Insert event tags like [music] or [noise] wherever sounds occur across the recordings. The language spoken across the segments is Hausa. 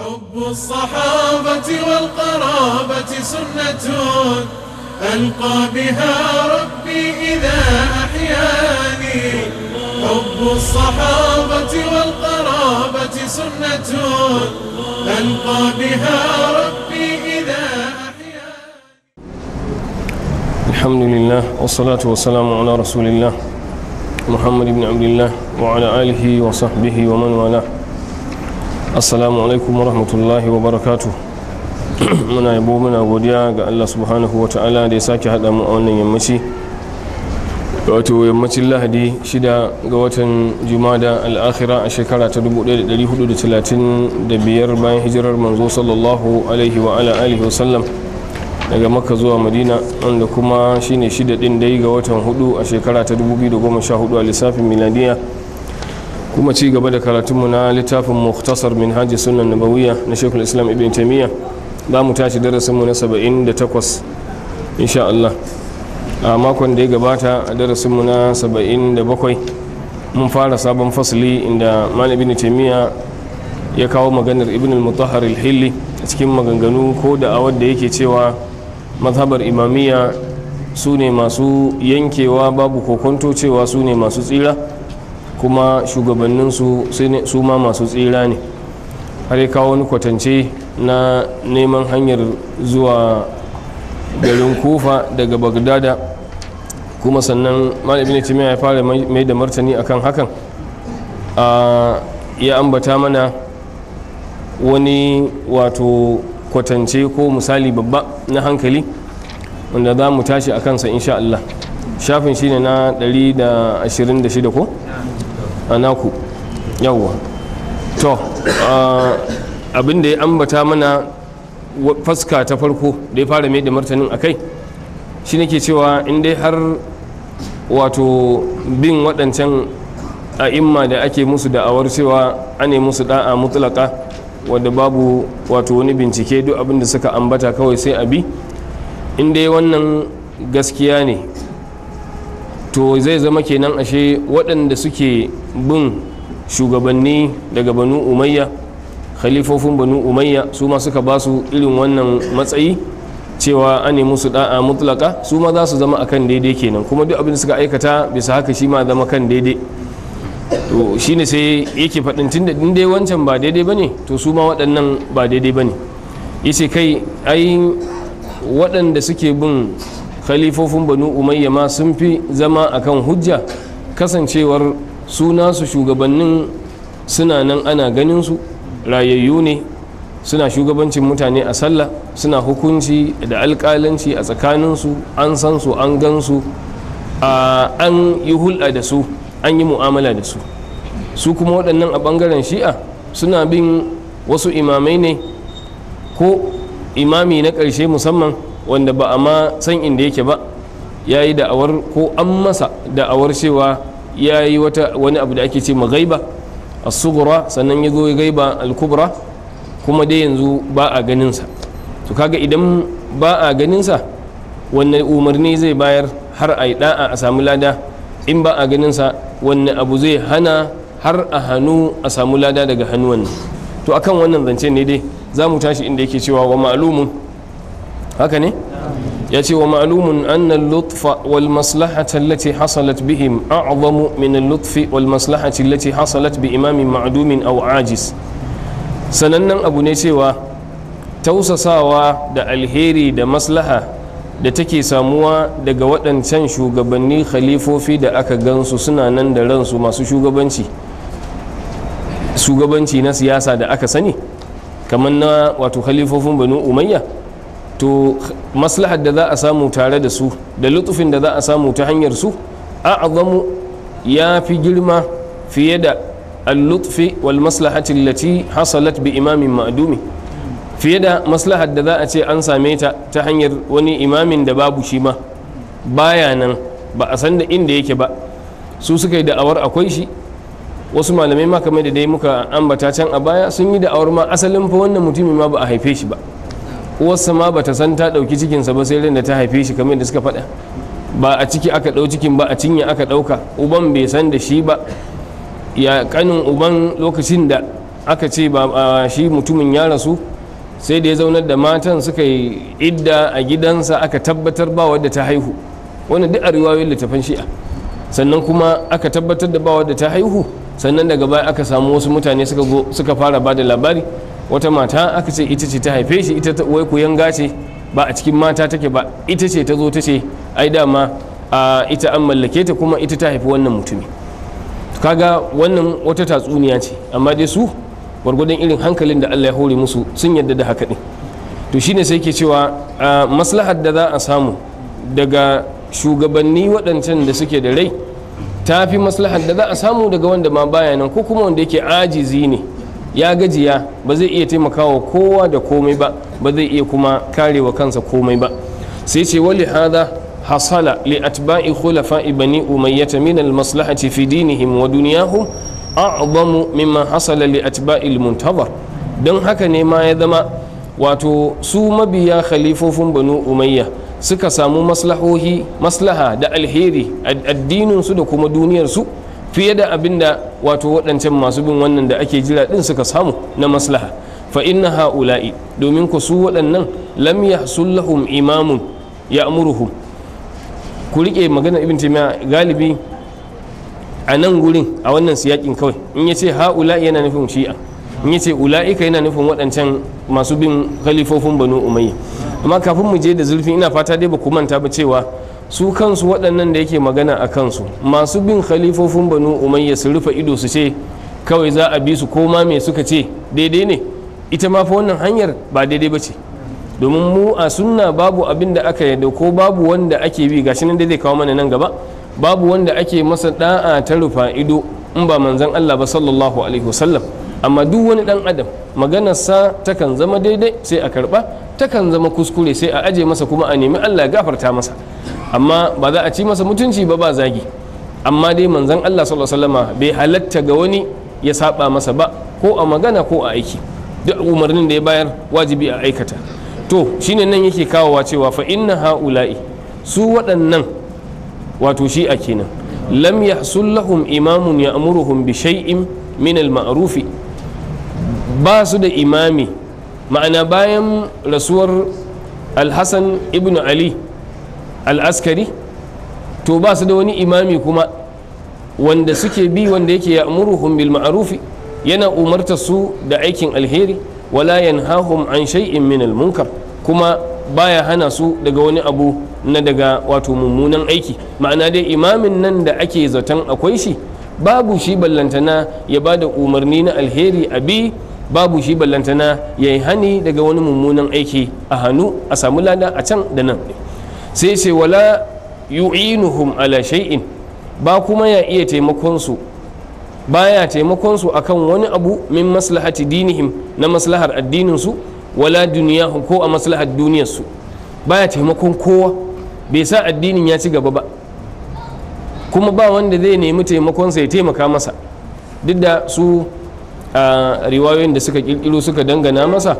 حب الصحابة والقرابة سنة ألقى بها ربي إذا أحياني حب الصحابة والقرابة سنة ألقى بها ربي إذا أحياني الحمد لله والصلاة والسلام على رسول الله محمد بن عبد الله وعلى آله وصحبه ومن والاه assalamu alaikum wa rahmatullahi wa barakatu [clears throat] muna yabo muna godiya ga allah subhanahu wa ta'ala da ya sake haɗa mu a wannan yammaci wato yammacin lahadi shida ga watan jumada al'akhira a shekara ta 1435 bayan hijirar manzo sallallahu alaihi wa ala alihi wasallam daga makka zuwa madina wanda kuma shine shida din dai ga watan hudu a shekara ta 2014 a lissafin miladiyya kuma ci gaba da karatunmu na littafin muktasar min hajji sunan nabawiyya na shekul islam ibn taimiyya za mu tashi darasinmu na 78 insha Allah a makon da ya gabata a darasinmu na 77 mun fara sabon fasali inda malam ibn taimiyya ya kawo maganar ibn al-mutahhar al-hilli a cikin maganganu ko da a wadda yake cewa mazhabar imamiyya su ne masu yankewa babu kokonto cewa su ne masu tsira kuma shugabanninsu su ma masu tsira ne har ya kawo wani kwatance na neman hanyar zuwa garin kufa daga bagdada kuma sannan malabi ne ya fara mai da martani akan hakan ya ambata mana wani wato kwatance ko misali babba na hankali wanda za mu tashi a kansa insha Allah shafin shine na 126 ko? a naku yawwa to abin da ya ambata mana faska ta farko da ya fara mai da martanin a kai shi ne ke cewa in dai har wato bin waɗancan a imma da ake musu da'awar cewa ane musu da'a mutlaka wadda babu wato wani bincike duk abin da suka ambata kawai sai abi in dai wannan gaskiya ne to zai zama kenan ashe waɗanda suke bin shugabanni daga banu umayya khalifofin banu umayya su ma suka ba su irin wannan matsayi cewa an musu da'a mutlaka su ma za su zama a kan daidai kenan kuma duk abin da suka aikata bisa haka shi ma zama kan daidai to shi ne sai yake faɗin tun da dai wancan ba daidai ba ne to su ma waɗannan ba daidai bane yace kai ai waɗanda suke bin khalifofin banu umayya ma sun fi zama a kan hujja kasancewar su shugabannin suna nan ana ganin su rayayyu ne suna shugabancin mutane a sallah suna hukunci da alkalanci a tsakaninsu an san su an gan su an yi hulɗa da su an yi mu'amala da su su kuma waɗannan a ɓangaren shi'a suna bin wasu imamai ne ko imami na ƙarshe musamman wanda ba a ma san inda yake ba ya yi da'awar ko an masa da'awar cewa ya yi wani abu da ake ce ma gaiba a sugura sannan ya zo gaiba alkubra kuma dai yanzu ba a ganinsa to kaga idan ba a ganinsa wanne umarni zai bayar har a yi da'a a samu lada in ba a ganinsa wanne abu zai hana har a hannu a samu lada daga hannu to akan wannan zance ne dai za mu tashi inda yake cewa wa ma'alumun haka ne ya ce wa ma'alumun annan lutfa wal maslahata allati hasalat bihim a'zamu min lutfi wal maslahati allati hasalat bi imamin ma'dumin aw ajis sanannen abu ne cewa tausasawa da alheri da maslaha da take samuwa daga waɗancan shugabanni khalifofi da aka gansu suna nan da ransu masu shugabanci shugabanci na siyasa da aka sani kamar na wato khalifofin banu umayya to maslahar da za a samu tare da su da lutufin da za a samu ta hanyar su azamu ya fi girma fiye da al-lutfi wal maslahati allati hasalat bi imamin ma'dumi fiye da maslahar da za a ce an same ta ta hanyar wani imamin da babu shi ma baya nan ba a san da inda yake ba su suka yi da'awar akwai shi wasu malamai ma kamar da dai muka ambata can a baya sun yi da'awar ma asalin fa wannan mutumin ma ba a haife shi ba wasu ma bata san ta ɗauki cikinsa ba sai ran da ta haife shi kamar da suka faɗa ba a ciki aka ɗau cikin ba a cinye aka ɗauka uban bai san da shi ba ya kanin uban lokacin da aka ce ba shi mutumin ya rasu sai da ya zaunar da matan suka yi idda a gidansa aka tabbatar ba wadda ta haihu wani duk a riwayoyin littafan shi'a sannan kuma aka tabbatar da ba wadda ta haihu sannan daga baya aka samu wasu mutane suka fara ba da labari wata mata aka ce ita ce ta haife shi ita ta wai ku yanga ba a cikin mata take ba ita ce ta zo ta ce ai dama ita an mallake ta kuma ita ta haifi wannan mutumi kaga wannan wata tatsuniya ce amma dai su gwargwadon irin hankalin da Allah ya hore musu sun yadda da haka din to shine sai ke cewa maslahar da za a samu daga shugabanni waɗancan da suke da rai ta fi maslahar da za a samu daga wanda ma baya nan ko kuma wanda yake ajizi ne ya gajiya ba zai iya taimakawa kowa da komai ba ba zai iya kuma karewa kansa komai ba sai ce wali hada hasala li atba'i khulafa'i bani umayyata min al maslahati fi dinihim wa dunyahum a'zamu mimma hasala li atba'i al muntazar don haka ne ma ya zama wato su mabiya khalifofin banu umayya suka samu maslahohi maslaha da alheri addininsu da kuma duniyarsu fiye da abin da wato waɗancan masu bin wannan da ake jira ɗin suka samu na maslaha fa inna ha'ula'i domin ku su waɗannan lam yahsul lahum imamun ya'muruhum ku rike magana ibn taymiya galibi a nan gurin a wannan siyakin kawai in yace ha'ula'i yana nufin shi'a in yace ula'ika yana nufin waɗancan masu bin khalifofin banu umayya amma kafin mu je da zurfi ina fata dai ba ku manta ba cewa su kansu waɗannan da yake magana a kansu masu bin khalifofin banu umayya su rufe ido su ce kawai za a bi su ko ma me suka ce daidai ne ita ma fa wannan hanyar ba daidai ba ce domin mu a sunna babu abin da aka yadda ko babu wanda ake bi gashi nan zai kawo mana nan gaba babu wanda ake masa da'a ta rufa ido in ba manzon Allah ba sallallahu alaihi wasallam amma duk wani dan adam maganar sa takan zama daidai sai a karba takan zama kuskure sai a aje masa kuma a nemi Allah gafarta masa amma ba za a ci masa mutunci ba ba zagi amma dai manzon Allah sallallahu alaihi wasallama bai halatta ga wani ya saba masa ba ko a magana ko a aiki duk umarnin da ya bayar wajibi a aikata to shine nan yake kawowa cewa fa inna haula'i su waɗannan wato shi a kenan lam yahsul lahum imamun ya'muruhum bi shay'in min al-ma'rufi ba su da imami ma'ana bayan rasuwar al-hasan ibnu ali al'askari to ba su da wani imami kuma wanda suke bi wanda yake ya'muruhum bil ma'rufi yana umarta su da aikin alheri wala yanhahum an shay'in min munkar kuma baya hana su daga wani abu na daga wato mummunan aiki ma'ana dai imamin nan da ake zaton akwai shi babu shi ballantana ya ba da umarni na alheri a bi babu shi ballantana ya yi hani daga wani mummunan aiki a hannu a samu lada a can da nan sai ce wala yu'inuhum ala shay'in ba kuma ya iya taimakon su baya taimakon akan wani abu min maslahati dinihim na maslahar addinin su wala duniyahum ko a maslahar duniyar su baya taimakon kowa bai sa addinin ya ci gaba ba kuma ba wanda zai nemi taimakonsa ya taimaka masa duk da su a ah, riwayoyin da suka kirkiro suka dangana masa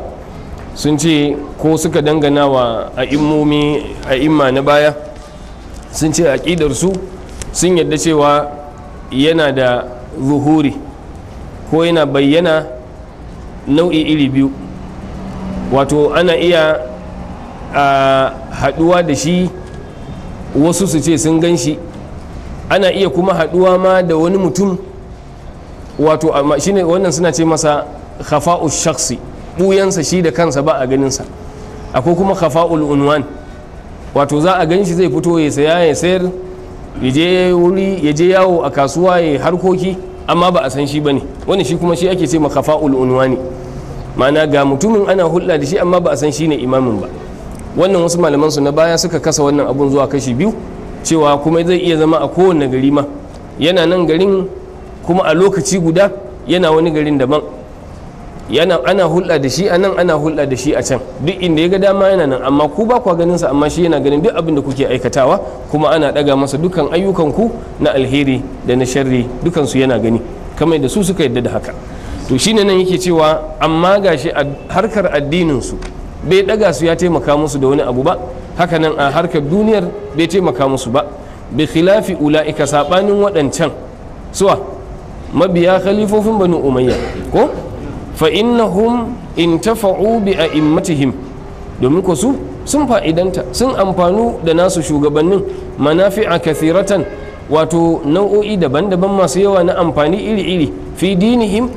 sun ce ko suka dangana wa a'immomi a'imma na baya sun ce a su sun yadda cewa yana da zuhuri ko yana bayyana nau'i iri biyu wato ana iya haɗuwa da shi wasu su ce sun gan shi ana iya kuma haɗuwa ma da wani mutum wato shine wannan suna ce masa khafa'u shaksi. buyansa shi da kansa ba a ganinsa akwai kuma khafa'ul unwan wato za a ganshi zai fito ya saya ya sayar ya je wuri ya je yawo a kasuwa ya harkoki amma ba a san shi bane wani shi kuma shi ake ce ma khafa'ul ne. ma'ana ga mutumin ana hulɗa da shi amma ba a san shi ne imamin ba wannan wasu malaman su na baya suka kasa wannan abun zuwa kashi biyu cewa kuma zai iya zama a kowane gari ma yana nan garin kuma a lokaci guda yana wani garin daban yana ana hulɗa da shi a nan ana hulɗa da shi a can duk inda ya ga dama yana nan amma ku ba kwa ganin sa amma shi yana ganin duk abin da kuke aikatawa kuma ana ɗaga masa dukan ayyukan ku na alheri da na sharri dukan su yana gani kamar da su suka yadda da haka to shine nan yake cewa amma gashi harkar addinin su bai ɗaga su ya taimaka musu da wani abu ba haka nan a harkar duniyar bai taimaka musu ba bi khilafi ula'ika sabanin waɗancan suwa mabiya khalifofin banu umayya ko fa innahum intafa'u bi a'immatihim domin ko su sun fa'idanta sun amfanu da nasu shugabannin a kathiratan wato nau'o'i daban-daban masu yawa na amfani iri-iri fi dinihim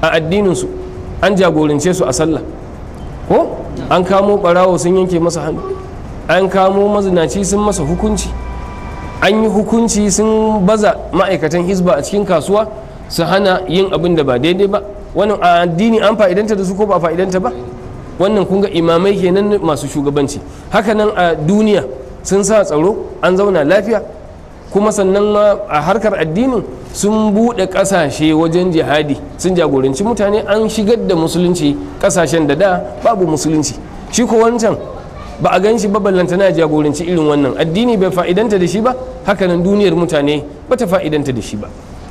a addininsu an jagorance su a sallah ko an kamo barawo sun yanke masa hannu an kamo mazinaci sun masa hukunci an yi hukunci sun baza ma'aikatan hisba a cikin kasuwa su hana yin abin da ba daidai ba wannan a addini an fa'idanta da su ko ba fa'idanta ba wannan kun ga imamai kenan masu shugabanci haka nan a duniya sun sa tsaro an zauna lafiya kuma sannan ma a harkar addinin sun buɗe ƙasashe wajen jihadi sun jagoranci mutane an shigar da musulunci kasashen da da babu musulunci shi ko wancan ba a gan shi ballanta na jagoranci irin wannan addini bai fa'idanta da shi ba hakanan duniyar mutane ba ta fa'idanta da shi ba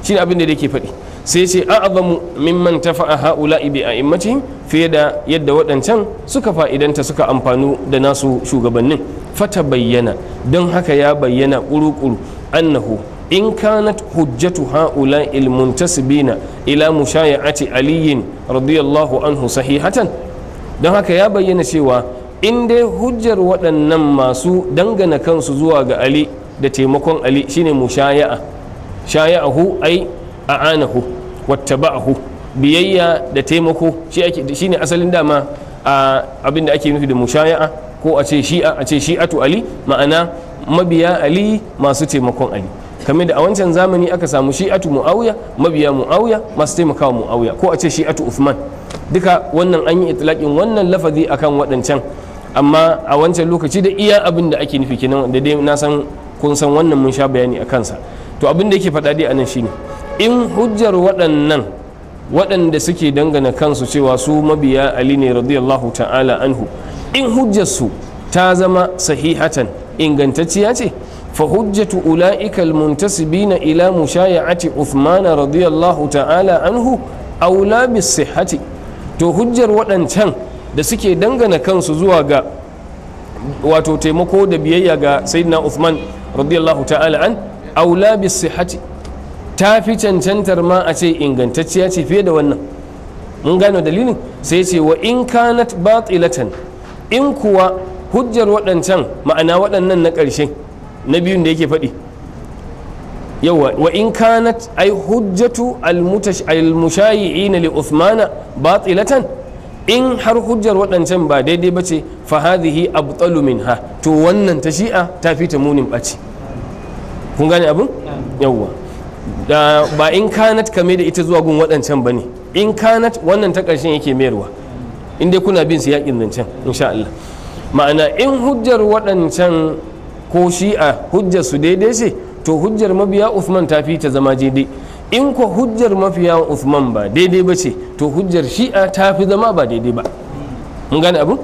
shi abin da yake faɗi sai ce a'azamu mimman tafa'a ha'ula'i bi a'immatihim fiye da yadda waɗancan suka fa'idanta suka amfanu da nasu shugabannin fata bayyana don haka ya bayyana ƙuruƙuru annahu in kanat hujjatu ha'ula ilmuntasibina ila mushaya'ati aliyin radiyallahu anhu sahihatan don haka ya bayyana cewa in dai hujjar waɗannan masu dangana kansu zuwa ga ali da taimakon ali shine mushaya'a shaya'ahu ai a'anahu wattaba'ahu biyayya da taimako shi ne asalin dama abin da ake nufi da mushaya'a ko a ce shi'a a ce shi'atu ali ma'ana mabiya ali masu taimakon ali kamar da a wancan zamani aka samu shi'atu muawiya mabiya muawiya masu taimakawa muawiya ko a ce shi'atu Usman. duka wannan an yi itlaqin wannan lafazi akan waɗancan amma a wancan lokaci da iya abin da ake nufi kenan da dai na san kun san wannan mun sha bayani a kansa to abin da yake faɗa dai anan shine in hujjar waɗannan waɗanda suke dangana kansu cewa su mabiya ali ne radiyallahu ta'ala anhu in hujjar su ta zama sahihatan ingantacciya ce fa hujjatu ula'ika almuntasibina ila mushaya'ati uthman radiyallahu ta'ala anhu aula bis sihhati to hujjar waɗancan da suke dangana kansu zuwa ga wato taimako da biyayya ga sayyidina uthman radiyallahu ta'ala anhu aula bis ta fi cancantar ma a ce ingantacciya ce fiye da wannan mun gano dalilin sai ce wa in kanat batilatan in kuwa hujjar waɗancan ma'ana waɗannan na ƙarshe na biyun da yake faɗi yawa wa in kanat ai hujjatu almushayi'ina li uthmana batilatan in har hujjar waɗancan ba daidai ba ce fa hadhihi abtalu minha to wannan ta shi'a ta fi ta munin ɓaci kun gane abin yawwa ba in kanat kame da ita zuwa gun waɗancan ba ne in kanat wannan ta ƙarshen yake mayarwa in kuna bin su yaƙin zancen insha Allah ma'ana in hujjar waɗancan ko shi'a hujjar su daidai ce to hujjar mabiya Uthman ta fi ta zama daidai in ko hujjar mafiya Uthman ba daidai ba ce to hujjar shi'a ta fi zama ba daidai ba mun gane abu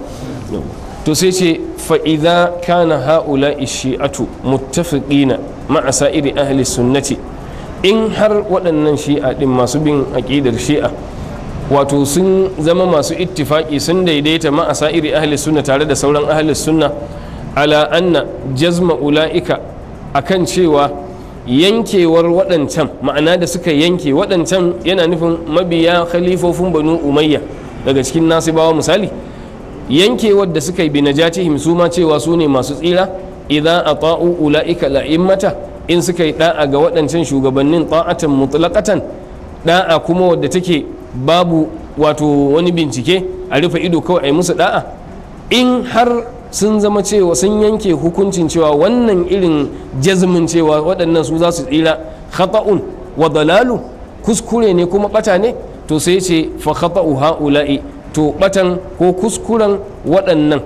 to sai ce fa'iza kana ha'ula ishi'atu muttafiqina ma'asa iri ahli sunnati in har waɗannan shi'a ɗin masu bin aƙidar shi'a wato sun zama masu ittifaƙi sun daidaita ma'asa iri ahli sunna tare da sauran ahli sunna ala anna jazma ula'ika kan cewa yankewar waɗancan ma'ana da suka yanke waɗancan yana nufin mabiya khalifofin banu umayya daga cikin nasibawa misali yankewar da suka yi bi najatihim su ma cewa su ne masu tsira ida a ta'u ula'ika la'immata in suka yi da'a ga waɗancan shugabannin ta'atan mutlaqatan da'a kuma wadda take babu wato wani bincike a rufe ido kawai a yi musu da'a in har sun zama cewa sun yanke hukuncin cewa wannan irin jazmin cewa waɗannan su za su tsira khata'un wa dalalu kuskure ne kuma bata ne to sai ce fa khata'u ha'ula'i to ɓatan ko kuskuren waɗannan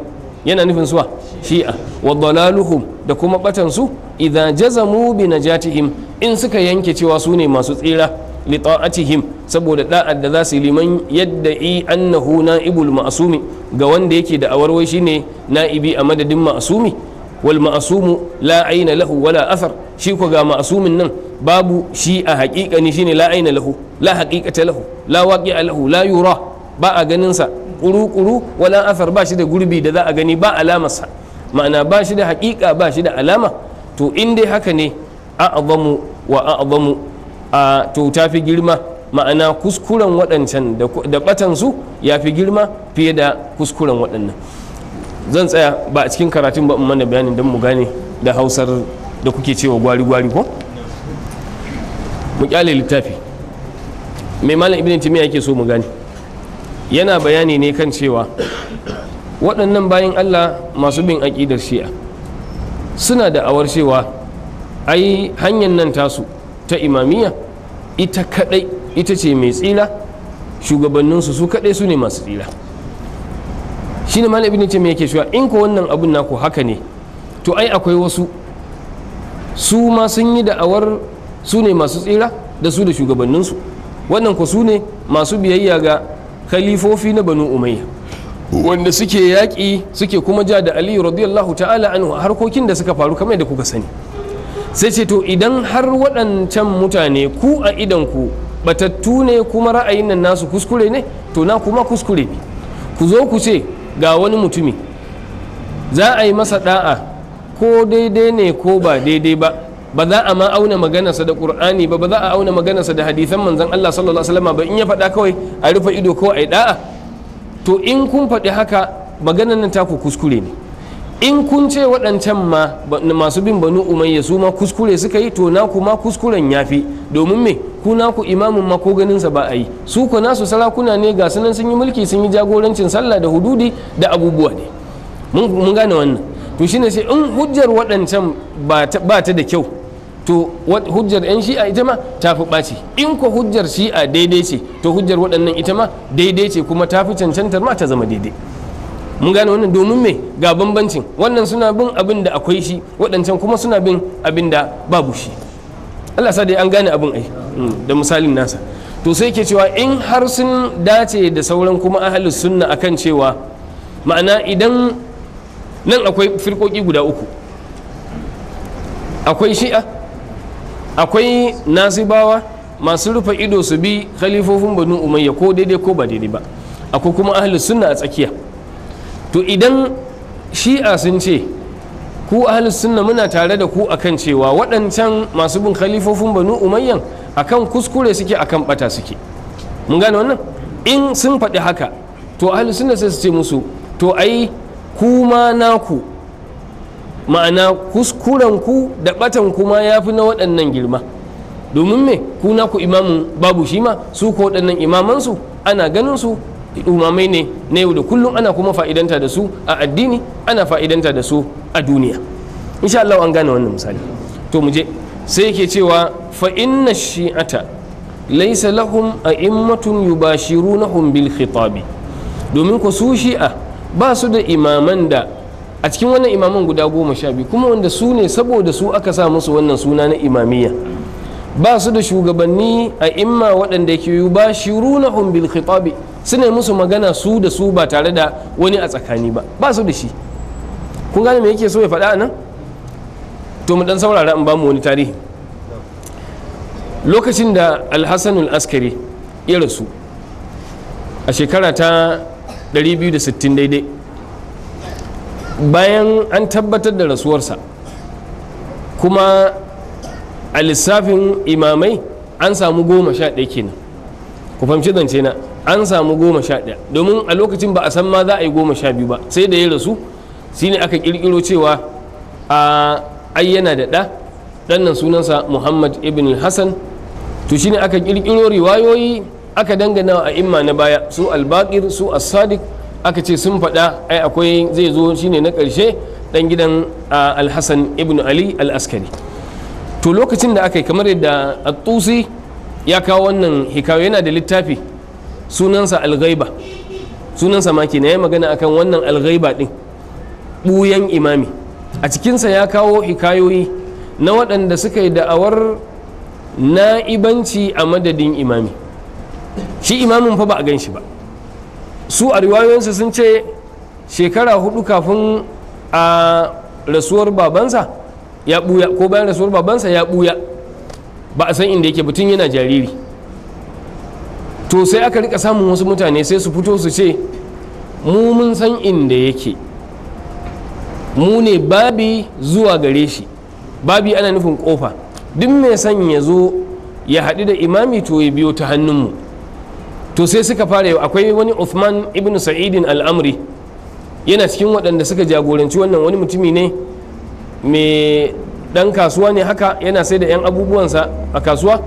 yana nufin suwa shi'a wa dalaluhum da kuma batan su idza jazamu bi najatihim in suka yanke cewa su ne masu tsira li ta'atihim saboda da'ar da za su liman yadda i annahu na'ibul ma'sumi ga wanda yake da awarwai shine na'ibi a madadin ma'sumi wal ma'sumu la aina lahu wala athar shi ko ga ma'asumin nan babu shi a haƙiƙani shine la aina lahu la haqiqata lahu la waqi'a lahu la yura ba a ganin sa kuru-kuru wala asar ba shi da gurbi da za a gani ba alamarsa ma'ana ba shi da haƙiƙa ba shi da alama to in dai haka ne abamu wa abamu a to ta fi girma ma'ana kuskuren waɗancan da ɓatansu ya fi girma fiye da kuskuren waɗannan zan tsaya ba a cikin karatun ba mana bayanin don mu gane da hausar da kuke cewa gwari-gwari ko mu kyale littafi mai malam ibn timiya yake so mu gane yana bayani ne kan cewa waɗannan bayan allah masu bin aƙidar shi'a suna da awar cewa ai hanyar nan tasu ta imamiya ita kaɗai ita ce mai tsila shugabanninsu su kaɗai su ne masu tsila shi ne malabi ce mai yake shuwa in ko wannan abun naku haka ne to ai akwai wasu su ma sun yi da'awar su ne masu tsira da su da shugabanninsu wannan ko su ne masu biyayya ga khalifofi na banu umayya wanda suke yaƙi suke kuma ja da aliyu radiyallahu ta'ala anhu harkokin da suka faru kamar da kuka sani sai ce to idan har waɗancan mutane ku a idan ku batattu ne kuma ra'ayin nan nasu kuskure ne to na kuma kuskure ne ku zo ku ce ga wani mutumi za a yi masa da'a ko daidai ne ko ba daidai ba ba za a ma auna maganarsa da qur'ani ba ba za a auna maganarsa da hadisan manzon Allah sallallahu alaihi wasallam ba in ya faɗa kawai a rufe ido ko a yi da'a to in kun faɗi haka maganar nan ta ku kuskure ne in kun ce waɗancan ma masu bin banu umayya su ma kuskure suka yi to naku ma kuskuren yafi domin me ku naku imamin ma ko ganin sa ba a yi su ko nasu sarakuna ne ga sunan sun yi mulki sun yi jagorancin sallah da hududi da abubuwa ne mun gane wannan to shine sai in hujjar waɗancan ba ta da kyau to hujjar 'yan shi'a ita ma ta fi ɓaci in ko hujjar shi'a daidai ce to hujjar waɗannan ita ma daidai ce kuma ta fi cancantar ma ta zama daidai mun gane wannan domin me ga bambancin wannan suna bin abin da akwai shi waɗancan kuma suna bin abin da babu shi Allah sa dai an gane abin ai mm, da misalin nasa to sai ke cewa in har sun dace da sauran kuma ahalus sunna akan cewa ma'ana idan nan akwai firkoki guda uku akwai shi'a akwai nasibawa masu rufe ido su bi khalifofin banu umayya ko daidai ko ba daidai ba akwai kuma ahlus sunna a tsakiya to idan shi'a sun ce ku ahlus sunna muna tare da ku akan cewa waɗancan masu bin khalifofin banu umayyan akan kuskure suke akan bata suke mun gane wannan in sun faɗi haka to ahlus sunna sai su ce musu to ai kuma naku ma'ana kuskuren ku da batan kuma ya fi na waɗannan girma domin me ku naku babu shi ma su ko waɗannan imamansu ana ganin su umamai ne na yau da kullum ana kuma fa'idanta da su a addini ana fa'idanta da su a duniya insha Allah an gane wannan misali to mu je sai yake cewa fa inna shi'ata laysa lahum a'immatun yubashirunahum bil khitabi domin ku su shi'a ba su da imaman da a cikin wannan imaman guda goma sha biyu kuma wanda su ne saboda su aka sa musu wannan suna na imamiyya ba su da shugabanni a imma waɗanda ke yi ba shi runa bil khitabi ne musu magana su da su ba tare da wani a tsakani ba ba su da shi kun gane me yake so ya faɗa nan to mu dan saurara in ba mu wani tarihi lokacin da alhassanul askari ya rasu a shekara ta 260 daidai bayan an tabbatar da rasuwarsa kuma a lissafin imamai an samu goma sha ɗaya kenan ku fahimci zance na an samu goma sha ɗaya domin a lokacin ba a san ma za a yi goma sha biyu ba sai da ya rasu shine aka ƙirƙiro cewa a ayyana da ɗa ɗannan sunansa muhammad ibn hassan to shine aka ƙirƙiro riwayoyi aka dangana a imma na baya su albaƙir su as-sadiq aka ce sun faɗa ai akwai zai zo shine na ƙarshe ɗan gidan alhassan ibn ali al-askari to lokacin da aka yi kamar yadda attusi ya kawo wannan hikawa yana da littafi sunansa alghaiba sunansa ma kenan ya magana akan wannan alghaiba din buyan imami a cikinsa ya kawo hikayoyi na waɗanda suka yi da'awar na'ibanci a madadin imami shi imamin fa ba a gan shi ba su a riwayoyinsu sun ce shekara hudu kafin a rasuwar babansa ya buya ko bayan rasuwar babansa ya buya ba a san inda yake tun yana jariri to sai aka rika samun wasu mutane sai su fito su ce mu mun san inda yake mu ne babi zuwa gare shi babi ana nufin kofa duk mai son ya zo ya haɗu da imami to ya biyo ta hannunmu to sai suka fara yau akwai wani Uthman ibn Sa'idin al'amri yana cikin waɗanda suka jagoranci wannan wani mutumi ne mai ɗan kasuwa ne haka yana sai da 'yan abubuwansa a kasuwa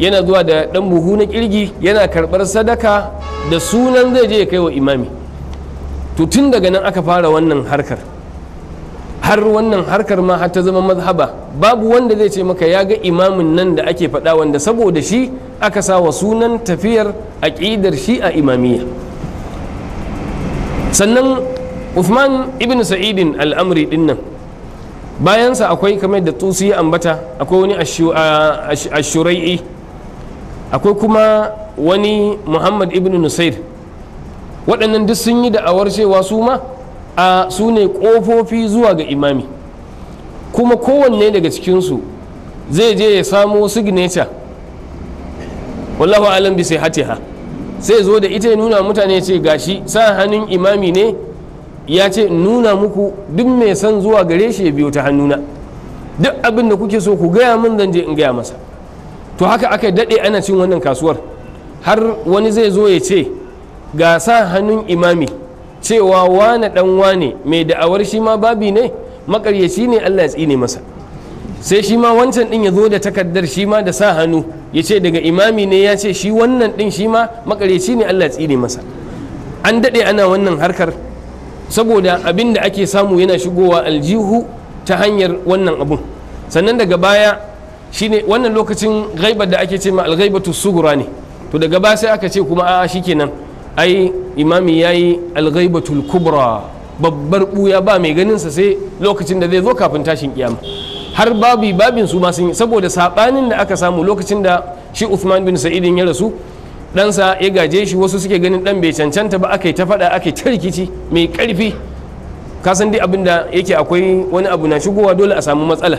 yana zuwa da ɗan buhu na kirgi yana karɓar sadaka da sunan zai je ya kai wa imami to tun daga nan aka fara wannan harkar har wannan harkar ma har ta zama mazhaba babu wanda zai ce maka ya ga imamin nan da ake faɗa wanda saboda shi aka sa wa sunan tafiyar aƙidar shi a imamiyya sannan Uthman ibn Sa'idin al'amri din nan bayansa akwai kamar da tusi ya ambata akwai wani ashurai'i akwai kuma wani Muhammad ibn Nusair waɗannan duk sun yi da'awar cewa su ma a su ne ƙofofi zuwa ga imami kuma kowanne daga cikinsu zai je ya samo signature wallahu alam bi sai ha sai zo da ita ya nuna mutane ce gashi sa hannun imami ne ya ce nuna muku duk mai san zuwa gare shi ya biyo ta hannuna duk abin da kuke so ku gaya min zan je in gaya masa to haka aka daɗe ana cin wannan kasuwar har wani zai zo ya ce ga sa hannun imami cewa wane dan wane mai da'awar shi ma babi ne makaryaci ne Allah ya tsine masa sai shi ma wancan din ya zo da takardar shi ma da sa hannu ya ce daga imami ne ya ce shi wannan din shi ma makaryaci ne Allah ya tsine masa an daɗe ana wannan harkar saboda abin da ake samu yana shigowa aljihu ta hanyar wannan abun sannan daga baya shine wannan lokacin gaibar da ake ce ma algaibatu sugura ne to daga baya sai aka ce kuma a'a shikenan ai imami ya yi alghaibatul kubra babbar buya ba mai ganin sa sai lokacin da zai zo kafin tashin kiyama har babi babin su ma sun yi saboda sabanin da aka samu lokacin da shi Uthman bin Sa'idin ya rasu ɗansa ya gaje shi wasu suke ganin ɗan bai cancanta ba aka yi ta faɗa aka yi ta rikici mai ƙarfi ka san dai abin da yake akwai wani abu na shigowa dole a samu matsala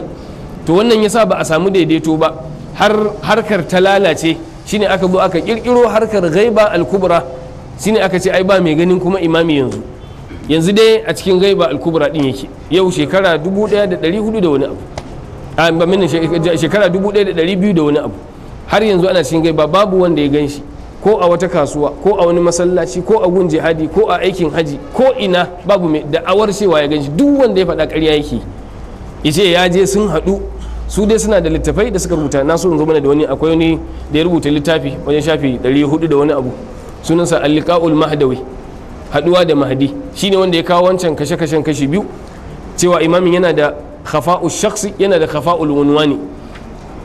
to wannan ya sa ba a samu daidaito ba har harkar ta lalace shine aka zo aka ƙirƙiro harkar ghaiba al-kubra shi ne aka ce ai ba mai ganin kuma imami yanzu yanzu dai a cikin gaiba alkubra din yake yau shekara 1400 da wani abu a minin shekara 1200 da wani abu har yanzu ana cikin gaiba babu wanda ya gan shi ko a wata kasuwa ko a wani masallaci ko a gun jihadi ko a aikin haji ko ina babu mai da'awar cewa ya shi duk wanda ya faɗa ƙarya yake yace ya je sun haɗu su dai suna da littafai da suka rubuta na so in zo mana da wani akwai wani da ya rubuta littafi wajen shafi 400 da wani abu sunansa alliƙa'ul mahdawi haɗuwa da mahdi ne wanda ya kawo wancan kashe kashen kashi biyu cewa imamin yana da khafa'u shaksi yana da khafa'ul unwani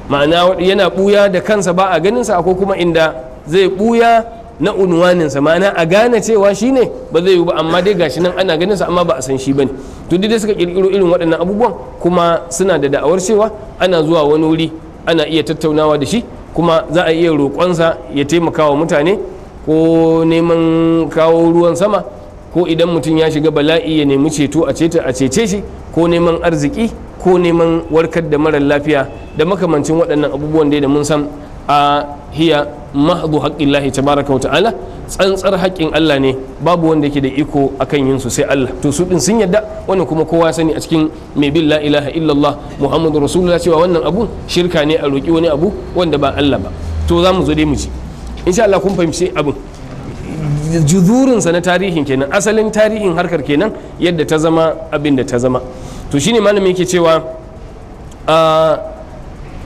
ma'ana yana buya da kansa ba a ganinsa sa ko kuma inda zai buya na unwaninsa ma'ana a gane cewa shine ba zai yi ba amma dai gashi nan ana ganin sa amma ba a san shi bane to dai suka kirkiro irin waɗannan abubuwan kuma suna da da'awar cewa ana zuwa wani wuri ana iya tattaunawa da shi kuma za a iya roƙonsa ya taimaka wa mutane ko neman kawo ruwan sama ko idan mutum ya shiga bala'i ya nemi ceto a ceto a cece shi ko neman arziki ko neman warkar da marar lafiya da makamancin waɗannan abubuwan da mun san a hiya mahdu haqqillahi tabaraka wa ta'ala tsantsar haƙƙin Allah ne babu wanda yake da iko akan yin su sai Allah to su din sun yadda wani kuma kowa sani a cikin mai bin la ilaha illallah muhammadu rasulullah cewa wannan abu shirka ne a roƙi wani abu wanda ba Allah ba to za mu zo dai mu ci insha Allah kun fahimci abin juzurinsa na tarihin kenan asalin tarihin harkar kenan yadda ta zama abin da ta zama to shine malamin yake cewa ah,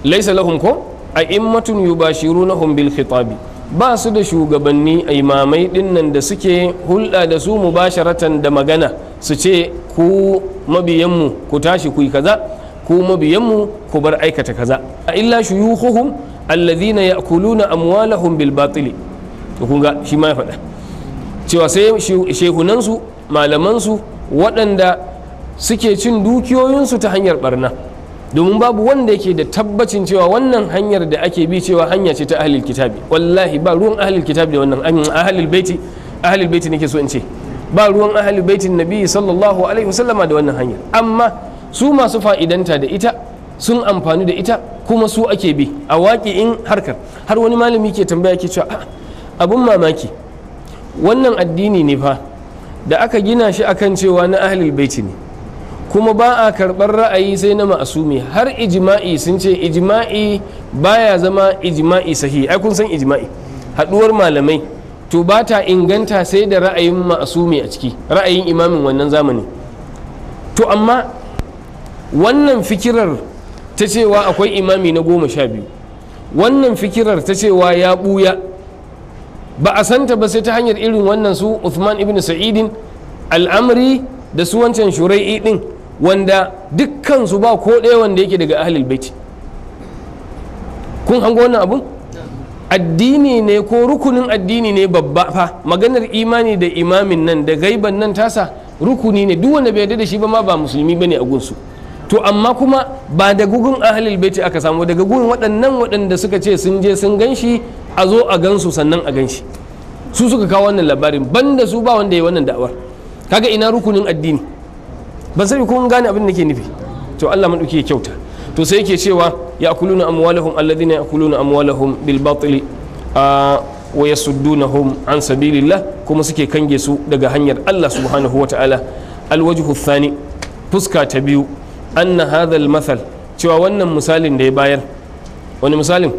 laisa lahum ko a immatun yubashirunahum bil khitabi ba su da shugabanni a imamai dinnan da suke hulɗa da su mubasharatan da magana su ce ku mabiyanmu ku tashi ku yi kaza ku mabiyanmu ku bar aikata kaza a illa shuyuhuhum alladhina ya'kuluna amwalahum bil batili to kun ga shi ma ya faɗa cewa sai shehunansu malamansu waɗanda suke cin dukiyoyinsu ta hanyar barna domin babu wanda yake da tabbacin cewa wannan hanyar da ake bi cewa hanya ce ta ahlil kitabi wallahi ba ruwan ahlil kitabi da wannan ahlil baiti ahlil baiti nake so in ce ba ruwan ahlil baitin nabi sallallahu alaihi wasallama da wannan hanyar amma su masu fa'idanta da ita sun amfani da ita kuma su ake bi a waƙi in harkar har wani malami ke tambaya ke cewa ah, abun mamaki wannan addini ne fa da aka gina shi a kan cewa na ahlul baiti ne kuma ba a karɓar ra'ayi sai na ma'asumi har ijima'i sun ce ijima'i baya zama ijima'i sahi ai kun san ijima'i haɗuwar malamai to ba ta inganta sai da ra'ayin ma'asumi a ciki ra'ayin imamin wannan zamani to amma wannan fikirar ta cewa akwai imami na goma sha biyu wannan fikirar ta cewa ya buya ba a santa ba sai ta hanyar irin wannan su Uthman ibn Sa'idin al'amri da su wancan shurai'i din wanda dukkan su ba ko ɗaya wanda yake daga ahlul baiti kun hango wannan abun addini ne ko rukunin addini ne babba fa maganar imani da imamin nan da gaiban nan tasa rukuni ne duk wanda bai yarda da shi ba ma ba musulmi bane a gunsu to amma kuma ba da gugun ahalil baiti aka samu daga gugun waɗannan waɗanda suka ce sun je sun ganshi a zo a gansu sannan a ganshi su suka kawo wannan labarin banda su ba wanda ya wannan da'awar kaga ina rukunin addini ba sai kun gane abin da ke nufi to Allah madauki ya kyauta to sai yake cewa ya'kuluna amwalahum alladhina ya'kuluna amwalahum bil batili wa yasuddunahum an sabilillah kuma suke kange su daga hanyar Allah subhanahu wa ta'ala alwajhu thani fuska ta biyu anna hadhal masal cewa wannan misalin da ya bayar wani misalin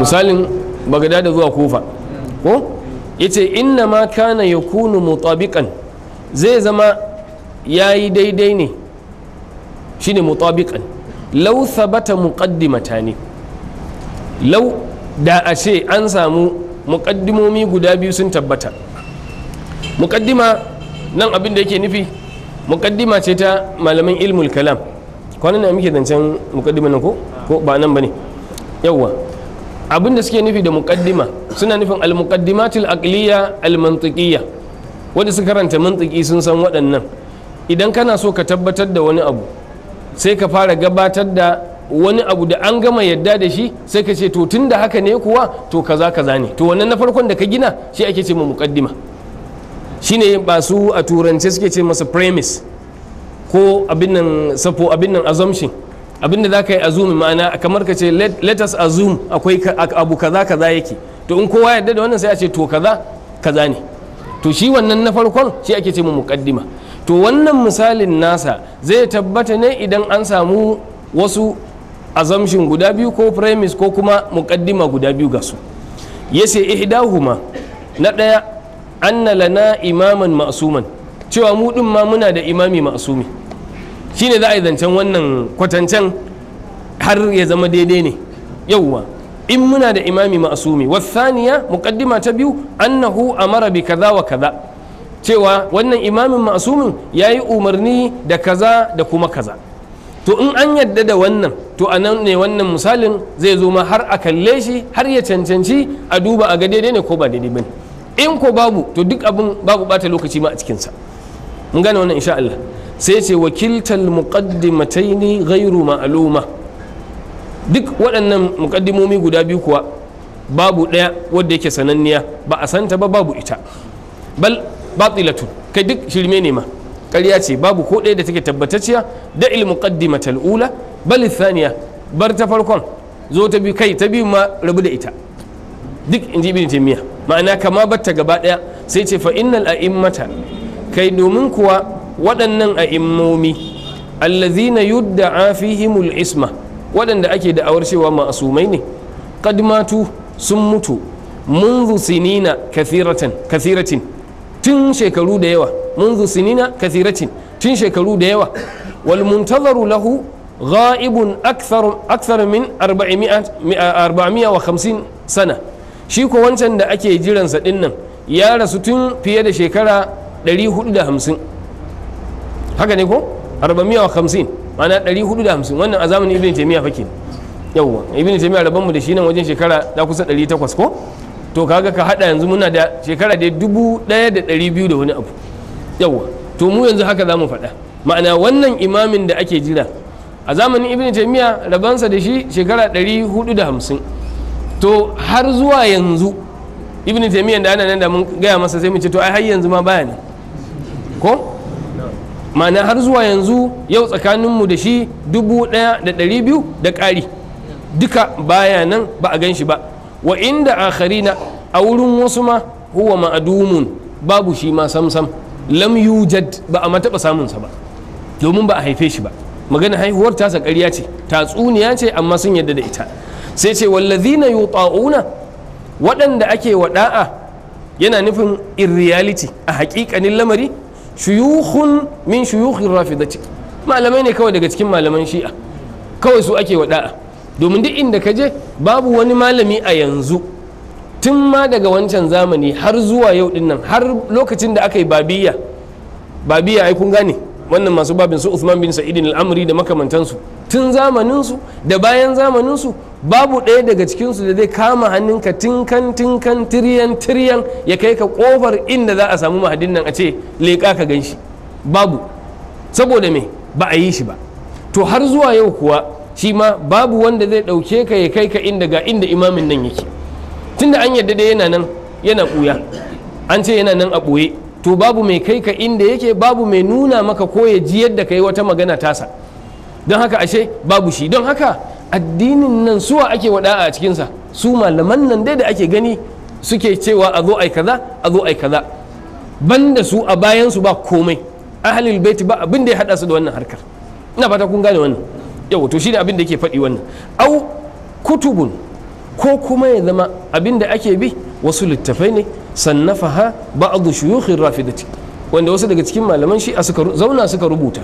misalin bagada da zuwa kufa ko yace inna ma kana yakunu mutabiqan zai zama yayi daidai ne shine mutabiqan law thabata muqaddimatani law da ashe an samu muqaddimomi guda biyu sun tabbata muqaddima nan abin da yake nufi mukaddima ce ta malamin ilmul kalam kwanan na muke zancen mukaddima nan ko ba nan bane yawa abin da suke nufi da mukaddima suna nufin al muqaddimatul aqliya al mantiqiyya wanda suka karanta mantiki sun san waɗannan idan kana so ka tabbatar da wani abu sai ka fara gabatar da wani abu da an gama yadda da shi sai ka ce to tun da haka ne kuwa to kaza kaza ne to wannan na farkon da ka gina shi ake ce mu muqaddima shine ba su a turance suke ce masa premise ko abin sapo abinnan abin assumption abin da za ka yi azumi ma'ana kamar ka ce let us assume akwai abu kaza kaza yake to in kowa yadda da wannan sai a ce to kaza kaza ne to shi wannan na farkon shi ake ce mu muqaddima to wannan misalin nasa zai tabbata ne idan an samu wasu assumption guda biyu ko premise ko kuma muqaddima guda biyu ga su yace ihdahuma na daya anna lana imaman ma'suman cewa mu din ma muna da imami ma'sumi shine za a yi zancen wannan kwatancen har ya zama daidai ne yauwa in muna da imami ma'sumi wasaniya muqaddima ta biyu annahu amara bi kaza wa kaza cewa wannan imamin ma'sumin yayi umarni da kaza da kuma kaza to in an yadda da wannan to a nan ne wannan misalin zai zo ma har a kalle shi har ya cancanci a duba a ga daidai ne ko ba daidai bane in ko babu to duk abin babu bata lokaci ma a cikinsa mun gane wannan insha Allah sai ce wakiltal muqaddimataini ghairu ma'luma duk waɗannan muqaddimomi guda biyu kuwa babu ɗaya wadda yake sananniya ba a santa ba babu ita bal batilatu kai duk shirme ne ma ƙarya ce babu ko ɗaya da take tabbatacciya da il muqaddimatal ula bal thaniya bar ta farkon zo ta bi kai ta bi ma rabu da ita duk in ji ibn taymiya ma'ana kama batta gaba daya sai ce fa innal a'immata kai domin kuwa waɗannan a'immomi allazina yudda'a fihimul isma waɗanda ake da'awar cewa ma'asumai ne qad sun mutu منذ سنين كثيرة كثيرة تن شكرو ديوة منذ سنين كثيرة تن شكرو ديوة والمنتظر له غائب أكثر أكثر من سنة shi ko wancan da ake jiransa din nan ya rasu tun fiye da shekara 450 haka ne ko 450 ma'ana 450 wannan a zamanin ibn taymiya fake yawwa ibn taymiya rabanmu da shi nan wajen shekara da kusa 800 ko to kaga ka hada yanzu muna da shekara da 1200 da wani abu yawwa to mu yanzu haka zamu faɗa ma'ana wannan imamin da ake jira a zamanin ibn taymiya rabansa da shi shekara 450 to har zuwa yanzu ibn taimiyyar da ana nan da mun gaya masa sai mu ce to ai har yanzu ma baya ne ko ma'ana har zuwa yanzu yau tsakaninmu da shi dubu ɗaya da ɗari biyu da ƙari duka baya nan ba a gan shi ba wa inda na a wurin wasu ma huwa ma'adumun babu shi ma samsam lam yujad ba a mataɓa samunsa ba domin ba a haife shi ba magana haihuwar tasa ƙarya ce tatsuniya ce amma sun yadda da ita sai ce wallazina yuta'una waɗanda ake wada'a yana nufin in reality a haƙiƙanin lamari shuyukhun min shuyukhir rafidati malamai ne kawai daga cikin malaman shi'a kawai su ake wada'a domin duk inda ka je babu wani malami a yanzu tun ma daga wancan zamani har zuwa yau dinnan har lokacin da aka yi babiya babiya ai kun gane wannan masu babin su Uthman bin Sa'idin al-Amri da makamantansu tun zamanin su da bayan zamanin su babu ɗaya daga cikin su da zai kama hannunka tinkan tinkan tiriyan tiriyan ya kai ka kofar inda za a samu mahadin nan a ce leƙa ka ganshi babu saboda me ba a yi shi ba to har zuwa yau kuwa shi ma babu wanda zai ɗauke ka ya kai ka inda ga inda imamin nan yake tunda an yadda dai yana nan yana ɓuya an ce yana nan a ɓoye to babu mai kai ka inda yake babu mai nuna maka ko ya ji yadda ka yi wata magana tasa don haka ashe babu shi don haka addinin nan suwa ake wada a cikinsa su malaman nan dai da ake gani suke cewa a zo ai kaza a zo ai kaza banda su a bayan su ba komai ahlul baiti ba abin da ya hada su da wannan harkar ina fata kun gane wannan yau to shine abin da yake faɗi wannan au kutubun ko kuma ya zama abin da ake bi wasu littafai ne sannafaha ba'd shuyukh rafidati wanda wasu daga cikin malaman shi suka zauna suka rubuta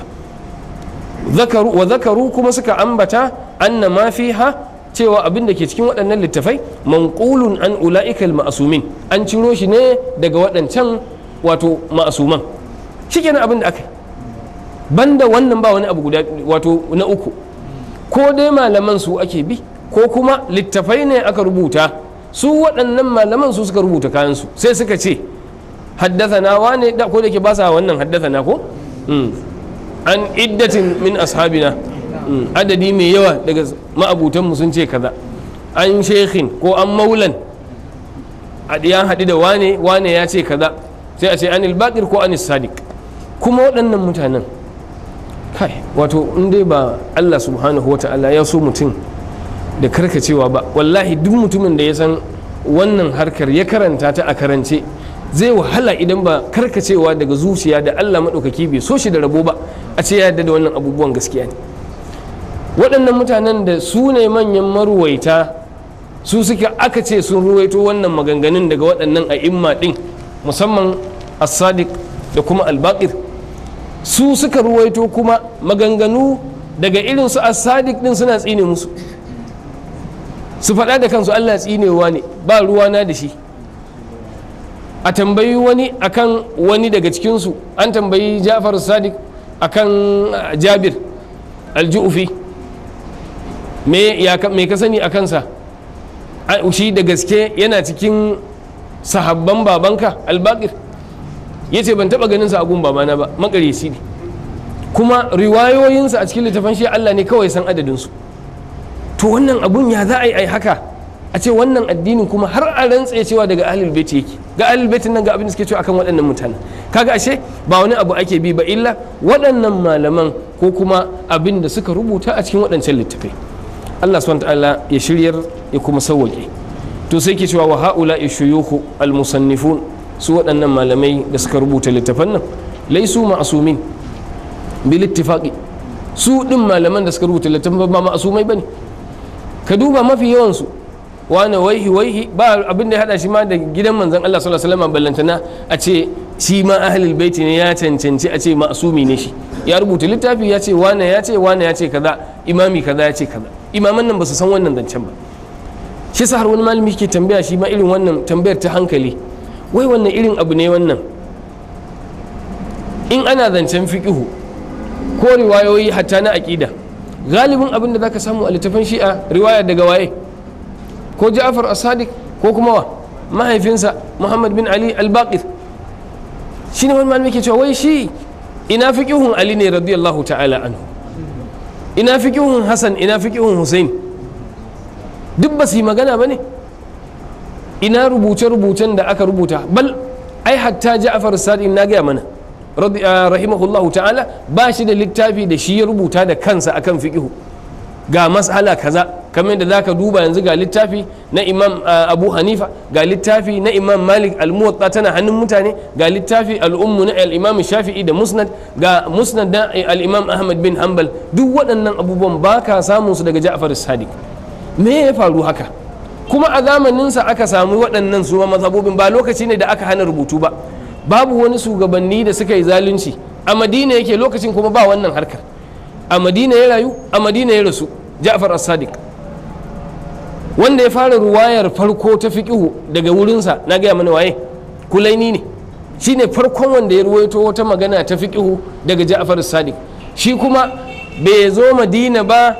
zakaru wa zakaru kuma suka ambata anna ma fiha cewa abin da ke cikin waɗannan littafai manqulun an ula'ikal ma'asumin an ciro shi ne daga waɗancan wato ma'asuman shikenan abin da aka banda wannan ba wani abu guda wato na uku ko dai malaman su ake bi ko kuma littafai ne aka rubuta su waɗannan malaman su suka rubuta kayansu sai suka ce haddathana wane da ko da ba sa wannan haddathana ko hmm. an iddatin min ashabina hmm. adadi mai yawa daga ma'abutanmu sun ce kaza an shekhin ko an maulan ya haɗu da wane wane ya ce kaza sai a ce an ilbaƙir ko an sadiq kuma waɗannan mutanen kai wato in dai ba allah subhanahu wa ta'ala ya so mutum da karkacewa ba wallahi duk mutumin da ya san wannan harkar ya karanta ta a karance zai wahala idan ba karkacewa daga zuciya da allah maɗaukaki bai so shi da rabo ba a ce ya da wannan abubuwan gaskiya ne waɗannan mutanen da su ne manyan maruwaita su suka aka ce sun ruwaito wannan maganganun daga waɗannan a'imma ɗin musamman as-sadiq da kuma albaqir su suka ruwaito kuma maganganu daga irin su as-sadiq ɗin suna tsine musu su faɗa da kansu allah tsinewa ne ba na da shi a tambayi wani akan wani daga cikinsu an tambayi jafar sadiq akan jabir aljufi me ka sani a kansa shi da gaske yana cikin sahabban babanka albakir ya ce ban taɓa ganin sa a gun babana ba makareci ne kuma riwayoyinsa a cikin littafin shi allah ne kawai san adadinsu to wannan abun ya za a yi haka a ce wannan addinin kuma har a rantse cewa daga ahlul baiti yake ga ahlul baitin nan ga abin da suke cewa akan waɗannan mutane kaga ashe ba wani abu ake bi ba illa waɗannan malaman ko kuma abin da suka rubuta a cikin waɗancan littafai Allah subhanahu ta'ala ya shiryar ya kuma sauwake. to sai ke cewa wa haula shuyukhu al musannifun su waɗannan malamai da suka rubuta littafan nan laisu ma'asumin bil ittifaqi su din malaman da suka rubuta littafan ba ma'asumai bane ka duba mafi yawansu wani waihi waihi ba abin da ya hada shi ma da gidan manzon Allah sallallahu alaihi wasallam ballantana a ce shi ma ahlul baiti ne ya cancanci a ce ma'sumi ne shi ya rubuta littafi ya ce wane ya ce wane ya ce kaza imami kaza ya ce kaza imaman nan ba su san wannan zancen ba shi sa har wani malami ke tambaya shi ma irin wannan tambayar ta hankali wai wannan irin abu ne wannan in ana zancen fiqihu ko riwayoyi hatta na aqida galibin abin da zaka samu a littafin shi'a riwaya daga waye ko ja'far as-sadiq ko kuma wa mahaifinsa muhammad bin ali al-baqir shine wani malami ke cewa wai shi ina fiqihun ali ne radiyallahu ta'ala anhu ina fiqihun hasan ina fiqihun husain duk ba su yi magana ba ne ina rubuce-rubucen da aka rubuta bal ai hatta ja'far as na gaya mana Ah, rahimahullahu ta'ala ba shi da littafi da shi ya rubuta da kansa akan fiqihu ga mas'ala kaza kamar yadda zaka duba yanzu ga littafi na imam ah, abu hanifa ga littafi na imam malik almuwatta tana hannun mutane ga littafi al'ummu na al'imam shafi'i da musnad ga musnad da eh, al'imam ahmad bin hanbal duk waɗannan abubuwan ba ka samun su daga ja'far sadiq me ya faru haka kuma a zamaninsa aka samu waɗannan su mazhabobin ba lokaci ne da aka hana rubutu ba babu wani shugabanni da suka yi zalunci a madina yake lokacin kuma ba wannan harkar a madina ya rayu a madina ya rasu ja'far as-sadiq wanda ya fara ruwayar farko ta fiqihu daga wurinsa na gaya mana waye kulaini ne shine farkon wanda ya ruwaito wata magana ta fiqihu daga ja'far as-sadiq shi kuma bai zo madina ba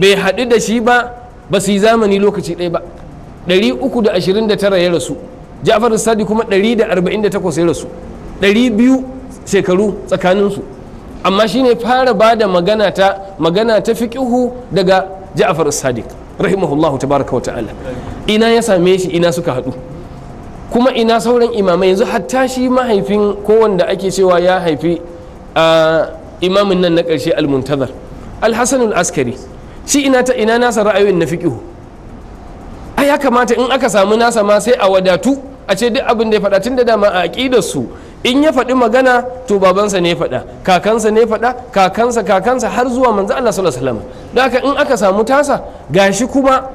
bai haɗu da shi ba ba su yi zamani lokaci ɗaya ba 329 ya rasu ja'far sadi kuma 148 ya rasu 200 shekaru tsakaninsu amma shine fara ba da magana ta magana ta daga ja'far Sadi. rahimahullahu tabaraka wa ta'ala ina ya same shi ina suka haɗu kuma ina sauran imamai yanzu hatta shi mahaifin kowanda ake cewa ya haifi imamin nan na ƙarshe al-muntazar al askari shi ina ta ina nasa ra'ayoyin na fiƙihu? A ya kamata in aka samu nasa ma sai a wadatu a ce duk abin da ya faɗa tun da dama a aƙidar su in ya faɗi magana to babansa ne faɗa kakansa ne faɗa kakansa kakansa har zuwa manzo Allah sallallahu alaihi wasallam don haka in aka samu tasa gashi kuma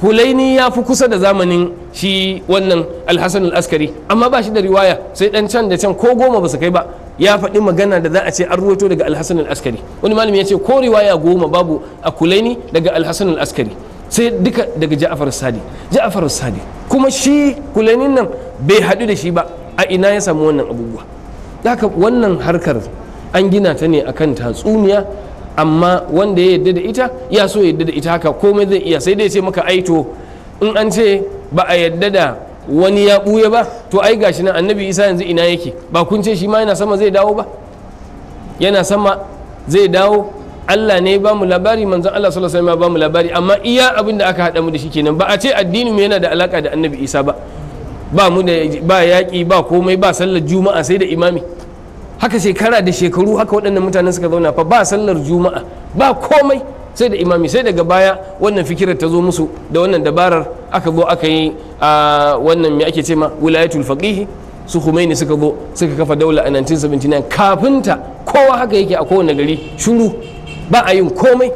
hulaini ya fi kusa da zamanin shi wannan alhassan al-askari amma ba shi da riwaya sai dan can da can ko goma ba su kai ba ya faɗi magana da za a ce an ruwato daga alhassan al-askari wani malami ya ce ko riwaya goma babu a kulaini daga alhassan al-askari sai duka daga ja'afar sadi ja'afar sadi kuma shi kulanin nan bai haɗu da shi ba a ina ya samu wannan abubuwa haka wannan harkar an gina ta ne akan tatsuniya amma wanda ya yadda da ita ya so ya yadda da ita haka komai zai iya sai dai ce maka aito in an ce ba a yadda da wani ya ɓuya ba to ai gashi nan annabi isa yanzu ina yake ba kun ce shi ma yana sama zai dawo ba yana sama zai dawo Allah ne ba mu labari manzon Allah sallallahu alaihi wasallam ba mu labari amma iya abin da aka hada mu da shi kenan ba a ce addini mu yana da alaka da Annabi Isa ba ba mu da ba yaƙi ba komai ba sallar juma'a sai da imami haka shekara da shekaru haka waɗannan mutanen suka zauna fa ba sallar juma'a ba komai sai da imami sai daga baya wannan fikirar ta zo musu da wannan dabarar aka zo aka yi a wannan me ake ce ma wilayatul faqih su Khomeini suka zo suka kafa daula a 1979 kafinta kowa haka yake a kowane gari shuru ba a yin komai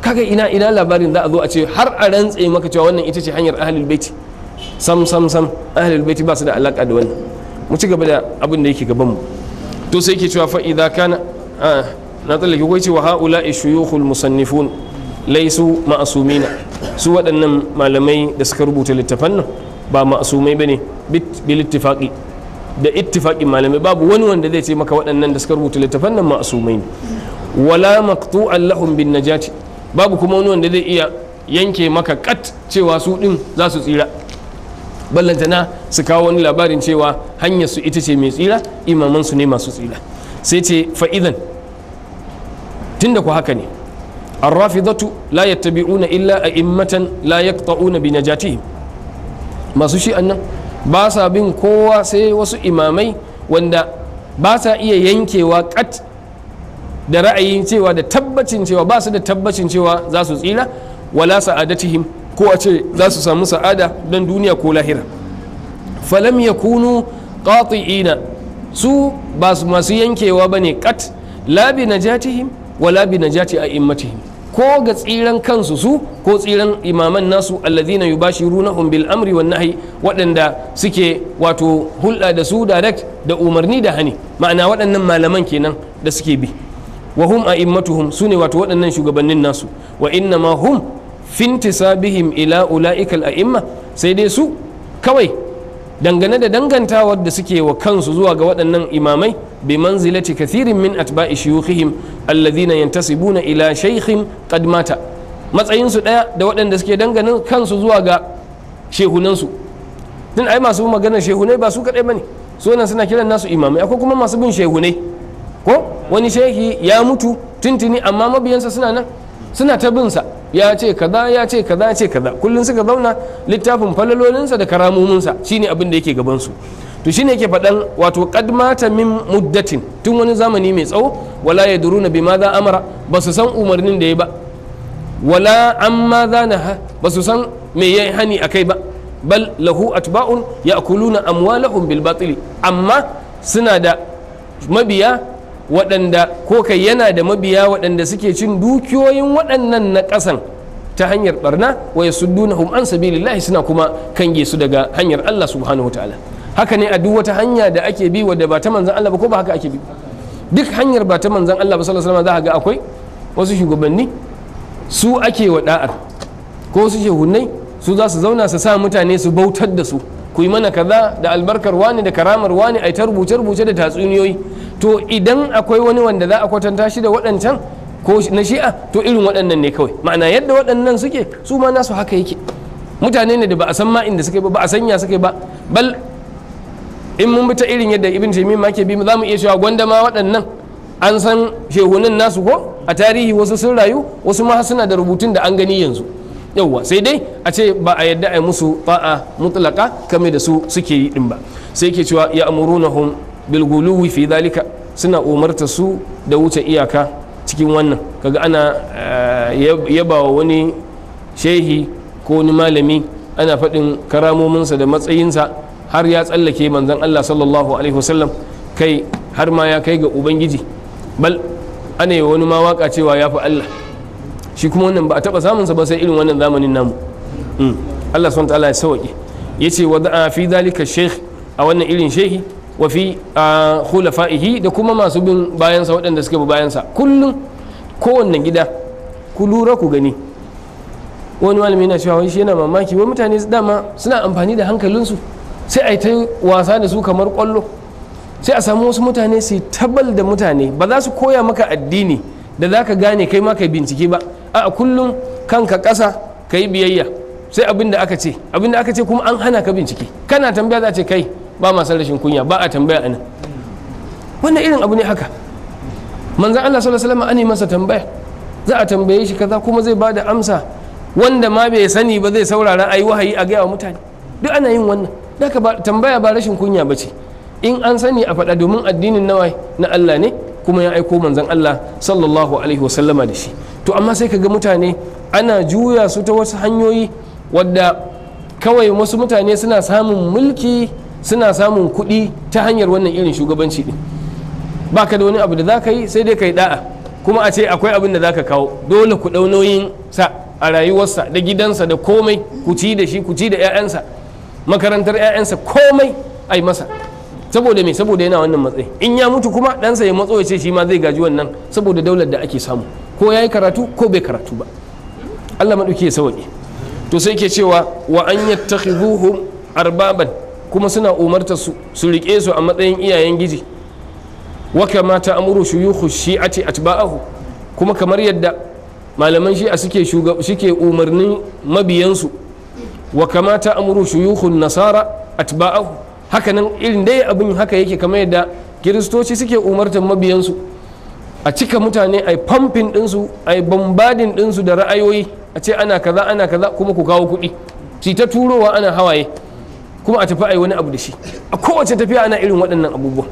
kaga ina ina labarin za a zo a ce har a rantse maka cewa wannan ita ce hanyar ahlul baiti sam sam sam ahlul baiti ba su da alaka da wannan mu ci gaba da abin da yake gaban mu to sai yake cewa fa idza kana na tsallake kai cewa haula shuyukhul musannifun laisu ma'asumina su waɗannan malamai da suka rubuta littafan nan ba ma'asumai bane bil ittifaqi da ittifaqin malamai babu wani wanda zai ce maka waɗannan da suka rubuta littafan nan ma'asumai ne wala maktu lahum bin najati babu kuma wani wanda zai iya yanke maka kat cewa su din za su tsira ballantana su kawo wani labarin cewa hanyar su ita ce mai tsira imaman su ne masu tsira sai ce fa'idan tunda ku haka ne arrafidatu la yattabi'una illa a imatan la yaqta'una bi najatihim masu shi annan ba sa bin kowa sai wasu imamai wanda ba sa iya yankewa kat da ra'ayin cewa da tabbacin cewa ba su da tabbacin cewa za su tsira wala sa'adatihim ko a ce za su samu sa'ada don duniya ko lahira falam yakunu qati'ina su ba su masu yankewa ne kat la bi najatihim wala bi najati a'immatihim ko ga tsiran kansu su ko tsiran imaman nasu alladhina yubashirunahum bil amri wan nahyi waɗanda suke wato hulɗa da su direct da umarni da hani ma'ana waɗannan malaman kenan da suke bi wa hum a'immatuhum sune wato waɗannan shugabannin nasu wa inna ma hum fintisabihim ila ula'ikal a'imma sai dai su kawai dangane da dangantawar da suke wa kansu zuwa ga waɗannan imamai bi manzilati kathirin min atba'i shuyukhihim alladhina yantasibuna ila shaykhin qad mata matsayin su daya da waɗanda suke dangane kansu zuwa ga su. din ai masu maganar shehunai ba su kadai bane su suna kiran nasu imamai akwai kuma masu bin shehunai ko wani shehi ya mutu tuntuni amma mabiyansa suna nan suna ta binsa ya ce kaza ya ce kaza ya ce kaza kullun suka zauna littafin falalolinsa da karamominsa shine abin da yake gaban su to shine yake faɗan wato qad min muddatin tun wani zamani mai tsawo wala yadruna bima za amara ba san umarnin da ya ba wala amma za na ba san me yayi hani akai ba bal lahu atba'un ya'kuluna amwalahum bil batili amma suna da mabiya waɗanda ko kai yana da mabiya waɗanda suke cin dukiyoyin waɗannan na ƙasan ta hanyar barna duna hum an sabilillahi suna kuma kange su daga hanyar Allah subhanahu wataala haka ne a duk wata hanya da ake bi wadda ba ta manzan Allah ba ko ba haka ake bi duk hanyar ba ta manzan Allah ba sallallahu alaihi wasallam za ga akwai wasu shugabanni su ake wa da'ar ko su hunnai su za su zauna su sa mutane su bautar da su ku yi mana kaza da albarkar wani da karamar wani ai ta rubuce rubuce da tatsuniyoyi to idan akwai wani wanda za a kwatanta shi da waɗancan ko na shi'a to irin waɗannan ne kawai ma'ana yadda waɗannan suke su ma nasu haka yake mutane ne da ba a san ma inda suke ba ba a sanya suke ba bal in mun bi ta irin yadda ibn taymiyyah ma ke bi za mu iya cewa gwanda ma waɗannan an san shehunan nasu ko a tarihi wasu sun rayu wasu ma suna da rubutun da an gani yanzu yawwa sai dai a ce ba a yadda a yi musu a mutlaka kame da su suke yi din ba sai ke cewa ya amurunahum bilguluwi fi dalika suna umarta su da wuce iyaka cikin wannan kaga ana eh, yabawa wani shehi ko wani malami ana faɗin karamominsa da matsayinsa har ya tsallake manzon Allah sallallahu alaihi wasallam kai har ma ya kai ga ubangiji bal ana yi wani ma cewa ya fi Allah shi kuma wannan ba a taɓa samunsa ba sai irin wannan zamanin namu mm. Allah subhanahu ta'ala ya sauke yace wa da'a fi dalika sheikh a wannan irin shehi wa fi khulafa'ihi da kuma masu bin bayansa waɗanda suke bi bayansa kullum kowanne gida ku lura ku gani wani malami yana cewa shi yana mamaki wani mutane dama suna amfani da hankalinsu sai a yi ta wasa da su kamar kwallo sai a samu wasu mutane su tabal da mutane ba za su koya maka addini da za ka gane kai ma kai bincike ba a kullum kanka ƙasa ka yi biyayya sai abin da aka ce abin da aka ce kuma an hana ka bincike kana tambaya za ce kai ba ma rashin kunya ba a tambaya anan wannan irin abu ne haka manzan Allah sallallahu alaihi wasallam an yi masa tambaya za a tambaye shi kaza kuma zai bada amsa wanda ma bai sani ba zai saurara ayi wahayi a gaya wa mutane duk ana yin wannan da ba tambaya ba rashin kunya ba ce in an sani a faɗa domin addinin nawa na Allah ne kuma ya aiko manzan Allah sallallahu alaihi wasallama da shi to amma sai ka ga mutane ana juya su ta wasu hanyoyi wadda kawai wasu mutane suna samun mulki suna samun kuɗi ta hanyar wannan irin shugabanci ɗin ba ka da wani abu da za ka yi sai dai ka yi da'a kuma a ce akwai abin da za ka kawo dole ku ɗau sa a rayuwarsa da gidansa da komai ku ci da shi ku ci da 'ya'yansa makarantar 'ya'yansa komai ai masa saboda me saboda yana wannan matsayi in ya mutu kuma ɗansa ya matso ya ce shi ma zai gaji wannan saboda daular da ake samu ko ya yi karatu ko bai karatu ba Allah maɗauki ya sauƙi to sai ke cewa wa an yattakhiduhum arbaban kuma suna umarta su su riƙe su a matsayin iyayen giji wa kama ta amuru shuyukhu shi'ati atba'ahu kuma kamar yadda malaman shi'a suke suke umarnin mabiyansu wa kama ta amuru shuyukhun nasara atba'ahu hakanan irin dai abin haka yake kamar yadda kiristoci suke umartar mabiyansu a cika mutane a pumping ɗinsu a bambadin ɗinsu da ra'ayoyi a ce ana kaza ana kaza kuma ku kawo kuɗi ta turowa ana hawaye kuma a tafi a yi wani abu da shi a kowace tafiya ana irin waɗannan abubuwan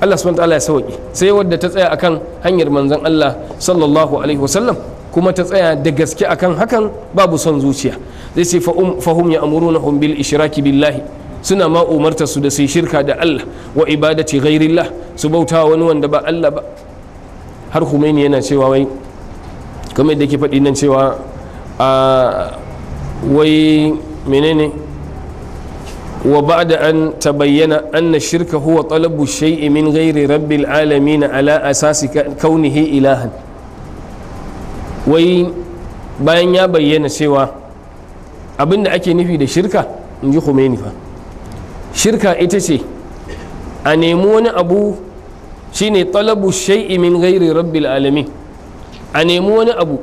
Allah subhanahu ta'ala ya sauki sai wadda ta tsaya akan hanyar manzon Allah sallallahu alaihi wasallam kuma ta tsaya da gaske akan hakan babu son zuciya zai ce fahum ya amuruna hum bil ishraki billahi suna ma umarta su da sai shirka da Allah wa ibadati ghairillah su bauta wani wanda ba Allah ba har Khomeini yana cewa wai kamar yadda ke faɗi nan cewa ah, wai menene wa ba'da an tabayyana anna shirka huwa talabu shay'i min ghairi rabbil alamin ala asasi kaunihi ilahan wai bayan ya bayyana cewa abinda ake nufi da shirka in ji Khomeini fa shirka ita ce a nemi wani abu shine talabu shay'i min ghairi rabbil alamin a nemi wani abu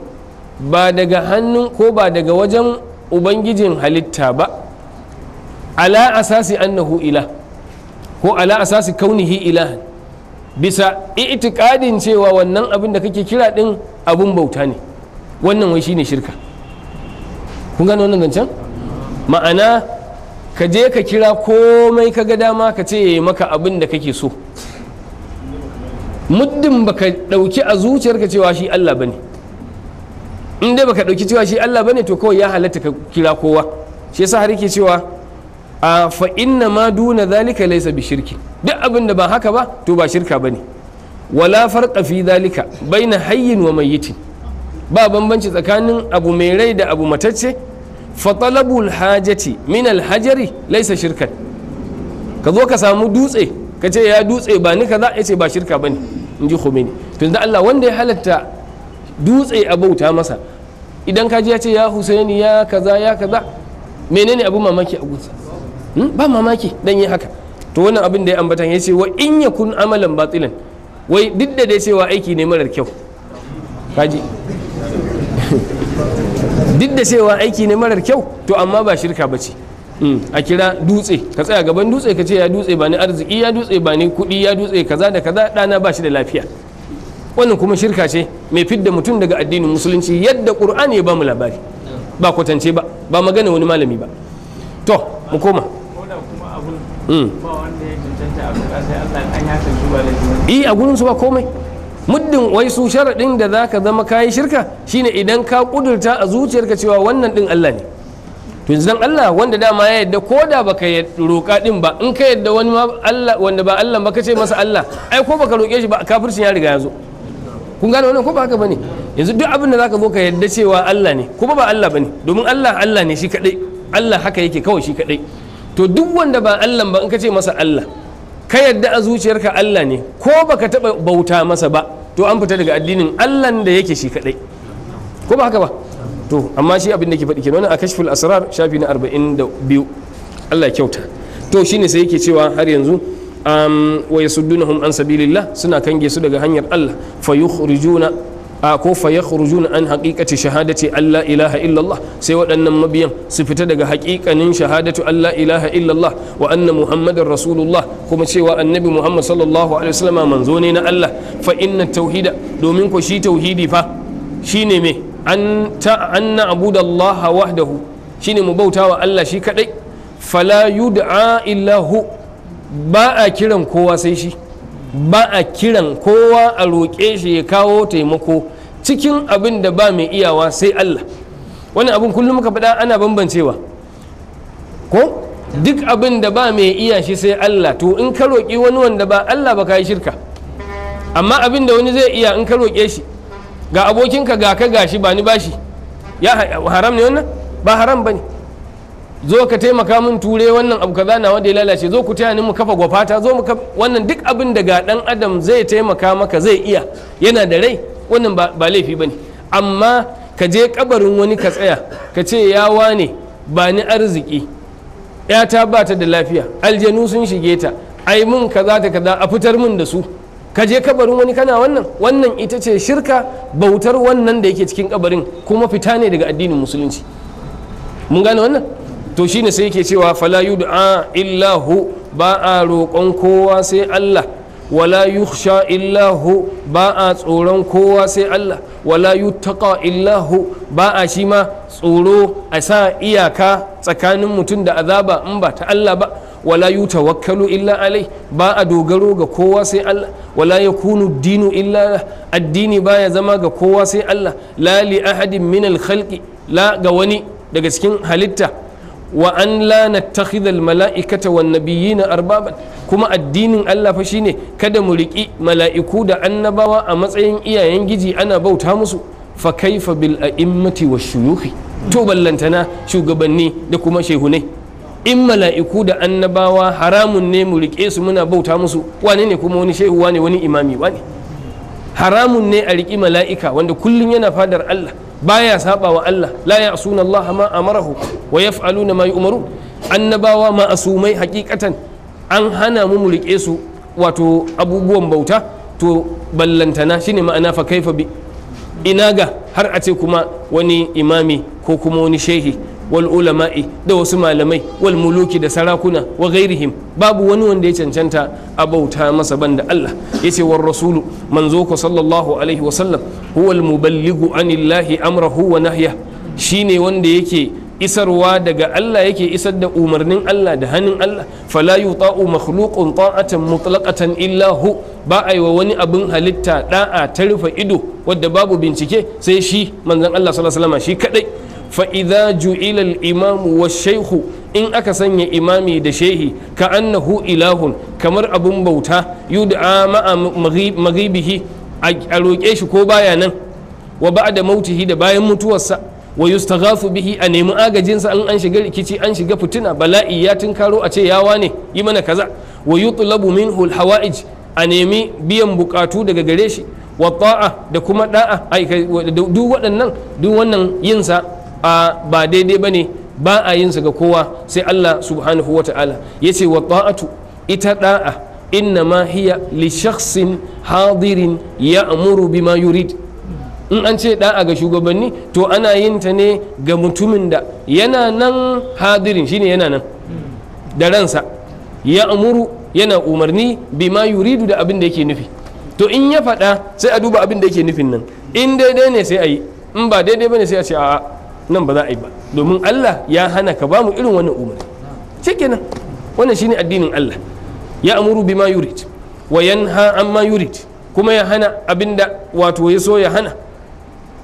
ba daga hannun ko ba daga wajen ubangijin halitta ba ala asasi annahu ilah ko ala asasi kaunihi ilahan bisa itikadin cewa wannan abin da kake kira din abun bauta ne wannan wai shine shirka kun gano wannan zancen ma'ana ka je ka kira komai ka ga dama ka ce maka abin da kake so muddin baka dauki a zuciyarka cewa shi Allah bane in dai baka dauki cewa shi Allah bane to kawai ya halatta ka kira kowa shi yasa har yake cewa a fa inna ma duna zalika laysa bi shirki duk abin da ba haka ba to ba shirka bane wala farqa fi zalika baina hayyin wa mayyitin ba bambanci tsakanin abu mai rai da abu matacce fa talabul hajati min al hajari laysa shirkan ka zo ka samu dutse ka ce ya dutse ba ni kaza yace ba shirka bane in ji khumini to da Allah wanda ya halatta dutse a bauta masa idan ka ji ya ce ya Husaini ya kaza ya kaza menene abu mamaki a gunsa Hmm? ba mamaki dan yi haka to wannan abin da ya ambata ya ce wa in ya kun amalan batilan wai duk da dai cewa aiki ne marar kyau kaji [laughs] duk da cewa aiki ne marar kyau to amma ba shirka bace hmm. a kira dutse ka tsaya gaban dutse ka ce ya dutse ba ni arziki ya dutse ba ni kuɗi ya dutse kaza da kaza dana ba shi da lafiya wannan kuma shirka ce mai fidda mutum daga addinin musulunci yadda qur'ani ya ba mu labari ba kwatance ba ba magana wani malami ba to mu koma Hmm. Eh, a gurin su ba komai muddin wai su sharaɗin da za ka zama kayi shirka shine idan ka kudurta a zuciyarka cewa wannan ɗin Allah ne to yanzu dan Allah wanda dama ya yadda ko da baka roƙa ɗin ba in ka yadda wani Allah wanda ba Allah ba ka ce masa Allah ai ko baka roƙe shi ba kafircin ya riga ya zo kun gane wannan ko ba haka bane yanzu duk abin da zaka zo ka yadda cewa Allah ne kuma ba Allah bane domin Allah Allah ne shi kadai Allah haka yake kawai shi kadai to duk wanda ba Allah ba in ka ce masa Allah ka yadda a zuciyarka Allah ne ko baka taba bauta masa ba to an fita daga addinin Allah da yake shi kadai ko ba haka ba to amma shi abin da ke faɗi kenan a kashful asrar shafi na 42 Allah kyauta to shine sai yake cewa har yanzu wa yasuddunahum an sabilillah suna kange su daga hanyar Allah fa a ko fa yakhrujuna an haqiqati shahadati alla ilaha illallah sai waɗannan mabiyan su fita daga haƙiƙanin shahadatu alla ilaha illallah wa anna muhammadar rasulullah kuma cewa annabi muhammad sallallahu alaihi wasallama manzo ne na Allah fa inna tauhida domin ko shi tauhidi fa shine me an ta anna abudallaha wahdahu shine mu wa Allah shi kadai fala yud'a illa hu ba a kiran kowa sai shi ba a kiran kowa a roƙe shi ya kawo taimako cikin abin da ba mai iyawa sai Allah wani abin kullum ka faɗa ana bambancewa ko duk abin da ba mai iya shi sai Allah to in ka roƙi wani wanda ba Allah ba ka yi shirka amma abin da wani zai iya in ka roƙe shi ga abokinka ga ka gashi ba ni bashi ya haram ne wannan ba haram ba ne zo ka taimaka min ture wannan abu kaza na wanda ya lalace zo ku taya ni mu kafa gwafata zo mu wannan duk abin da ga dan adam zai taimaka maka zai iya yana da rai wannan ba laifi bane amma ka je kabarin wani ka tsaya ka ce ya wane ba ni arziki yata ba ta da lafiya aljanu sun shige ta ai mun kaza ta kaza a fitar mun da su ka je kabarin wani kana wannan wannan ita ce shirka bautar wannan da yake cikin kabarin kuma fita ne daga addinin musulunci mun gane wannan to shine sai yake cewa fala yud'a illa hu ba a roƙon kowa sai Allah wala yukhsha illa ba a tsoron kowa sai Allah wala yuttaqa illa ba a shi ma tsoro a sa iyaka tsakanin mutum da azaba in ba ta Allah ba wala yutawakkalu illa alai ba a dogaro ga kowa sai Allah wala yakunu dinu illa addini baya zama ga kowa sai Allah la ahadin min al la ga wani daga cikin halitta wa an la nattakhidha al mala'ikata wan nabiyina arbaban kuma addinin Allah fa shine kada mu riki mala'iku da annabawa a matsayin iyayen giji ana bauta musu fa kaifa bil a'immati wash shuyukhi to ballantana shugabanni da kuma shehunai in mala'iku da annabawa haramun ne mu rike su muna bauta musu wane ne kuma wani shehu wani imami wane haramun ne a riki mala'ika wanda kullum yana fadar Allah baya saba wa Allah la ya'suna Allah ma amarahu wa yaf'aluna ma yu'maru annabawa ma'asumai hakikatan an hana mu mu su wato abubuwan bauta to ballantana shine ma'ana fa kaifa bi ina ga har a ce kuma wani imami ko kuma wani shehi wal ulama'i da wasu malamai wal muluki da sarakuna wa ghairihim babu wani wanda ya cancanta a bauta masa banda Allah ce wa rasulu manzo ko sallallahu alaihi wa sallam huwa al anillahi amrahu wa nahya shine wanda yake isarwa daga Allah yake isar da umarnin Allah da hannun Allah fala yuta'u makhluqun ta'atan mutlaqatan illa hu ba a yi wa wani abin halitta da'a ta rufe ido wadda babu bincike sai shi manzon Allah sallallahu alaihi wasallam shi kadai fa idza ju'ila al-imam wa shaykhu in aka sanya imami da shehi ka annahu ilahun kamar abun bauta yud'a ma'a maghibihi a roƙe shi ko baya nan wa ba'da mautihi da bayan mutuwarsa wa yustaghafu bihi a nemi agajinsa an an shiga rikici an shiga fitina bala'i ya tunkaro a ce yawa ne yi mana kaza wa yutlabu minhu al-hawaij a nemi biyan bukatu daga gare shi wa ta'a da kuma da'a duk waɗannan duk wannan yinsa a ba daidai bane ba a yin ga kowa sai Allah subhanahu wa ta'ala yace wa ta'atu ita da'a inna ma hiya li shakhsin hadirin ya ya'muru bima yurid in an ce da'a ga shugabanni to ana yin ta ne ga mutumin da yana nan hadirin shine yana nan da ransa ya amuru yana umarni bima yuridu da abin da yake nufi to in ya faɗa sai a duba abin da yake nufin nan in daidai ne sai a yi in ba daidai ne sai a ce a'a nan ba za a yi ba domin Allah ya hana ka ba mu irin wannan umarni shikenan wannan shine addinin Allah ya amuru mayurit. yurid wa yanha amma yurid kuma ya hana abinda wato ya so ya hana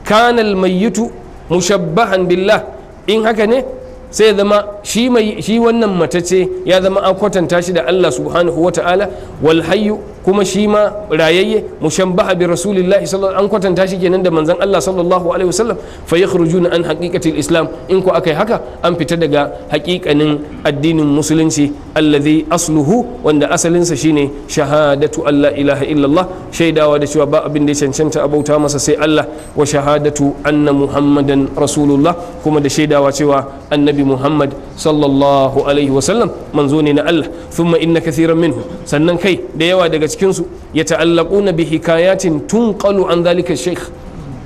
kana almayyitu mushabbahan billah in haka ne sai ya zama shi mai shi wannan matace ya zama an kwatanta shi da Allah subhanahu wata'ala wal hayyu kuma shi ma rayayye mushabbaha bi rasulillahi sallallahu an kwatanta shi kenan da manzon Allah sallallahu alaihi wasallam fa yakhrujuna an haqiqatil islam in ko akai haka an fita daga haqiqanin addinin musulunci alladhi asluhu wanda asalinsa shine shahadatu alla ilaha illallah shaidawa da cewa ba abin da ya cancanta a bauta masa sai Allah wa shahadatu anna muhammadan rasulullah kuma da shaidawa cewa annabi muhammad sallallahu alaihi wasallam manzo ne na Allah thumma inna kathiran minhu sannan kai da yawa daga cikinsu ya ta'allaku na bi hikayatin kalu an zalika sheikh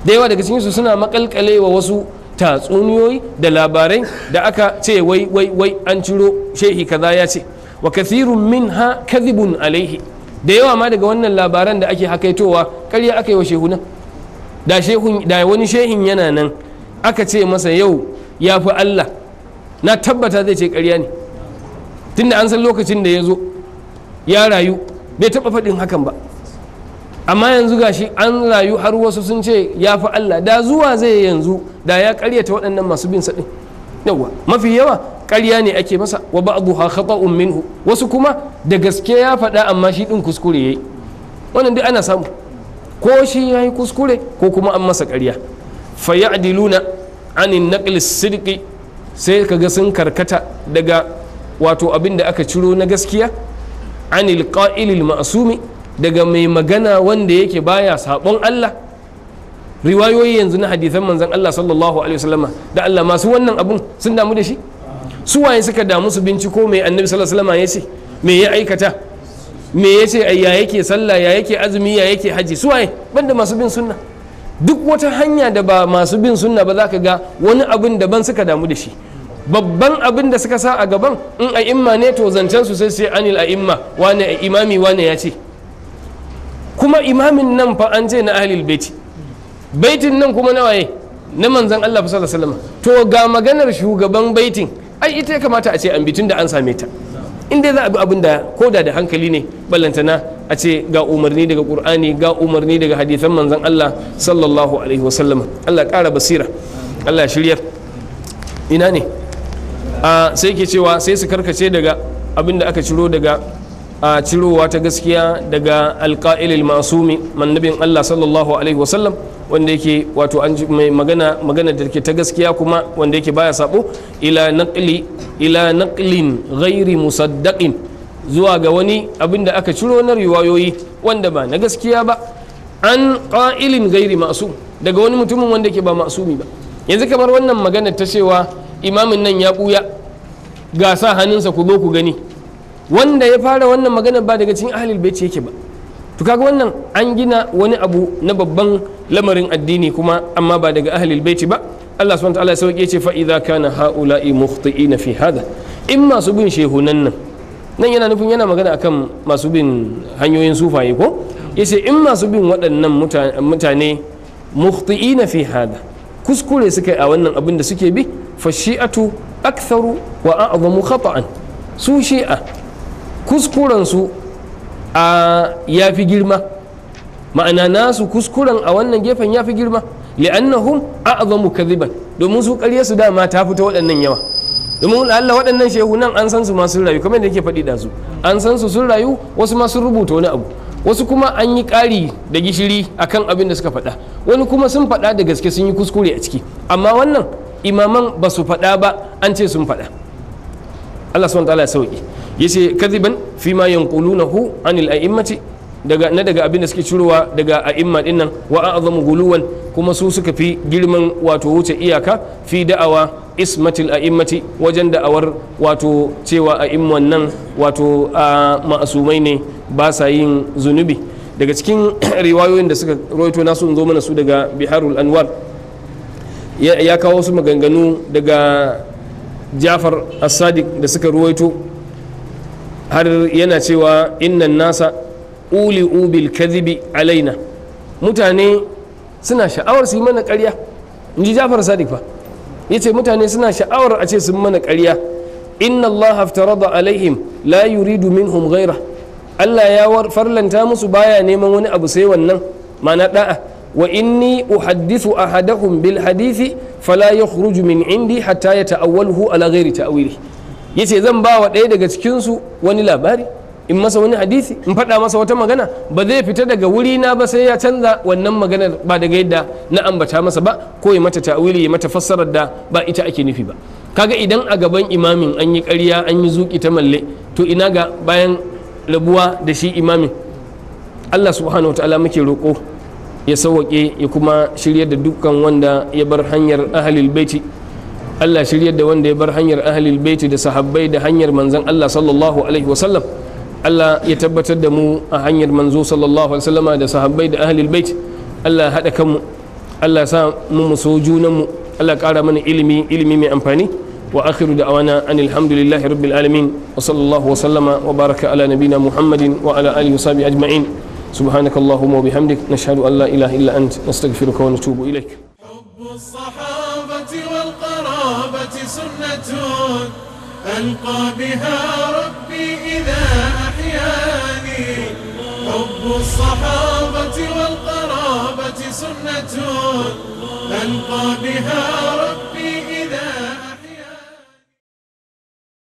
da yawa daga cikinsu suna makalkale wa wasu tatsuniyoyi da labarai da aka ce wai wai wai an ciro shehi kaza ya ce wa kathirun ha kazibun alaihi da yawa ma daga wannan labaran da ake hakaitowa karya aka yi wa shehuna da da wani shehin yana nan aka ce masa yau ya fi Allah na tabbata zai ce karya ne tunda an san lokacin da ya zo ya rayu bai taɓa faɗin hakan ba amma yanzu gashi an rayu har wasu sun ce ya fi Allah da zuwa zai yanzu da ya ta waɗannan masu bin saɗin yawa mafi yawa karya ne ake masa wa ba'dhuha khata'un minhu wasu kuma da gaske ya faɗa amma shi ɗin kuskure yayi wannan duk ana samu ko shi yayi kuskure ko kuma an masa karya fa ya'diluna anin naqli sidqi sai kaga sun karkata daga wato abin da aka ciro na gaskiya anil qa'ilil ma'sumi daga mai magana wanda yake baya sabon Allah riwayoyi yanzu na hadisan manzan Allah sallallahu alaihi wasallam da Allah masu wannan abun sun damu da shi su waye suka damu su binciko mai annabi sallallahu alaihi wasallam ya ce me ya aikata me ya ce ya yake sallah ya yake azumi ya yake haji su waye banda masu bin sunna duk wata hanya da ba masu bin sunna ba za ka ga wani abin daban suka damu da shi babban abin da suka sa a gaban in a imma ne to zancen su sai sai anil a imma wane a imami wane ya ce kuma imamin nan fa an ce na ahlil baiti baitin nan kuma na waye na manzan Allah fa sallallahu alaihi wasallam to ga maganar shugaban baitin ai ita ya kamata a ce an bitun da an same ta in dai za a bi abin da koda da hankali ne ballantana a ce ga umarni daga qur'ani ga umarni daga hadisan manzan Allah sallallahu alaihi wasallam Allah ƙara basira Allah shiryar. ina ne Ah, sai ke cewa sai su karkace daga abin da aka ciro daga a ah, cirowa ta gaskiya daga alƙa'ilil masumi mannabin Allah sallallahu alaihi wasallam wanda yake wato an mai magana magana da ke ta gaskiya kuma wanda yake baya sabo ila naqli ila naqlin ghairi musaddaqin zuwa ga wani abin da aka ciro na riwayoyi wanda ba na gaskiya ba an qa'ilin ghairi ma'sum daga wani mutumin wanda yake ba ma'sumi ba yanzu kamar wannan magana ta cewa imamin nan ya ɓuya ga sa hannunsa ku zo ku gani wanda ya fara wannan magana ba daga cikin ahlul bait yake ba to kaga wannan an gina wani abu na babban lamarin addini kuma amma ba daga ahlul bai ba Allah subhanahu wataala ya sauke ce fa idza kana haula'i na fi hada in masu bin shehunan nan nan yana nufin yana magana akan masu bin hanyoyin sufaye ko yace in masu bin waɗannan mutane na fi hada kuskure suka a wannan abin da suke bi fashi'atu aktharu wa a'zamu khata'an su shi'a kuskuren su a yafi girma ma'ana nasu kuskuren a wannan gefen yafi girma li'annahum a'zamu kadhiban domin su ƙarya su dama ta fita waɗannan yawa domin Allah waɗannan shehu nan an san su ma sun rayu kamar da yake faɗi da su an san su sun rayu wasu ma sun rubuta wani abu wasu kuma an yi ƙari da gishiri akan abin da suka faɗa wani kuma sun faɗa da gaske sun yi kuskure a ciki amma wannan imaman ba su faɗa ba an ce sun faɗa Allah subhanahu ta'ala ya sauki yace kadiban fi ma yanqulunahu anil a'immati daga na daga abin da suke cirowa daga a'imma dinnan nan wa a'zamu guluwan kuma su suka fi girman wato wuce iyaka fi da'awa ismatil a'immati wajen da'awar wato cewa a'imman nan wato a ma'asumai ne ba sa yin zunubi daga cikin [clears throat] riwayoyin da suka rawaito nasu zo mana su daga biharul anwar ya kawo su maganganu daga jafar as-sadiq da suka ruwaito har yana cewa innan nasa uli ubil kadhibi alaina mutane suna sha'awar su yi mana ƙarya in ji jafar sadiq fa ya ce mutane suna sha'awar a ce sun mana ƙarya inna allah haftarada alaihim la yuridu minhum ghaira allah ya farlanta musu baya neman wani abu sai wannan ma'ana da'a wa inni uhaddisu ahadahum bil hadisi fala yakhruju min indi hatta yata'awwalhu ala ghairi ta'wili yace zan ba wa ɗaya daga cikin su wani labari in masa wani hadisi in faɗa masa wata magana ba zai fita daga wuri na ba sai ya canza wannan maganar ba daga yadda na ambata masa ba ko ya mata ta'wili ya mata fassarar da ba ita ake nufi ba kaga idan a gaban imamin an yi ƙarya an yi zuƙi ta malle to ina ga bayan rabuwa da shi imamin Allah subhanahu wa ta'ala muke roƙo ya sauwaƙe ya kuma shiryar da dukkan wanda ya bar hanyar ahalil baiti Allah shiryar da wanda ya bar hanyar ahalil baiti da sahabbai da hanyar manzon Allah sallallahu alaihi wasallam Allah ya tabbatar da mu a hanyar manzo sallallahu alaihi wasallama da sahabbai da ahalil baiti Allah haɗa kanmu Allah sa mu mu so junanmu Allah ƙara mana ilimi ilimi mai amfani wa وآخر دعوانا أن الحمد لله رب العالمين وصلى wa وسلم وبارك على نبينا محمد وعلى آله وصحبه أجمعين سبحانك اللهم وبحمدك نشهد أن لا إله إلا أنت نستغفرك ونتوب إليك حب الصحابة والقرابة سنة ألقى بها ربي إذا أحياني حب الصحابة والقرابة سنة ألقى بها ربي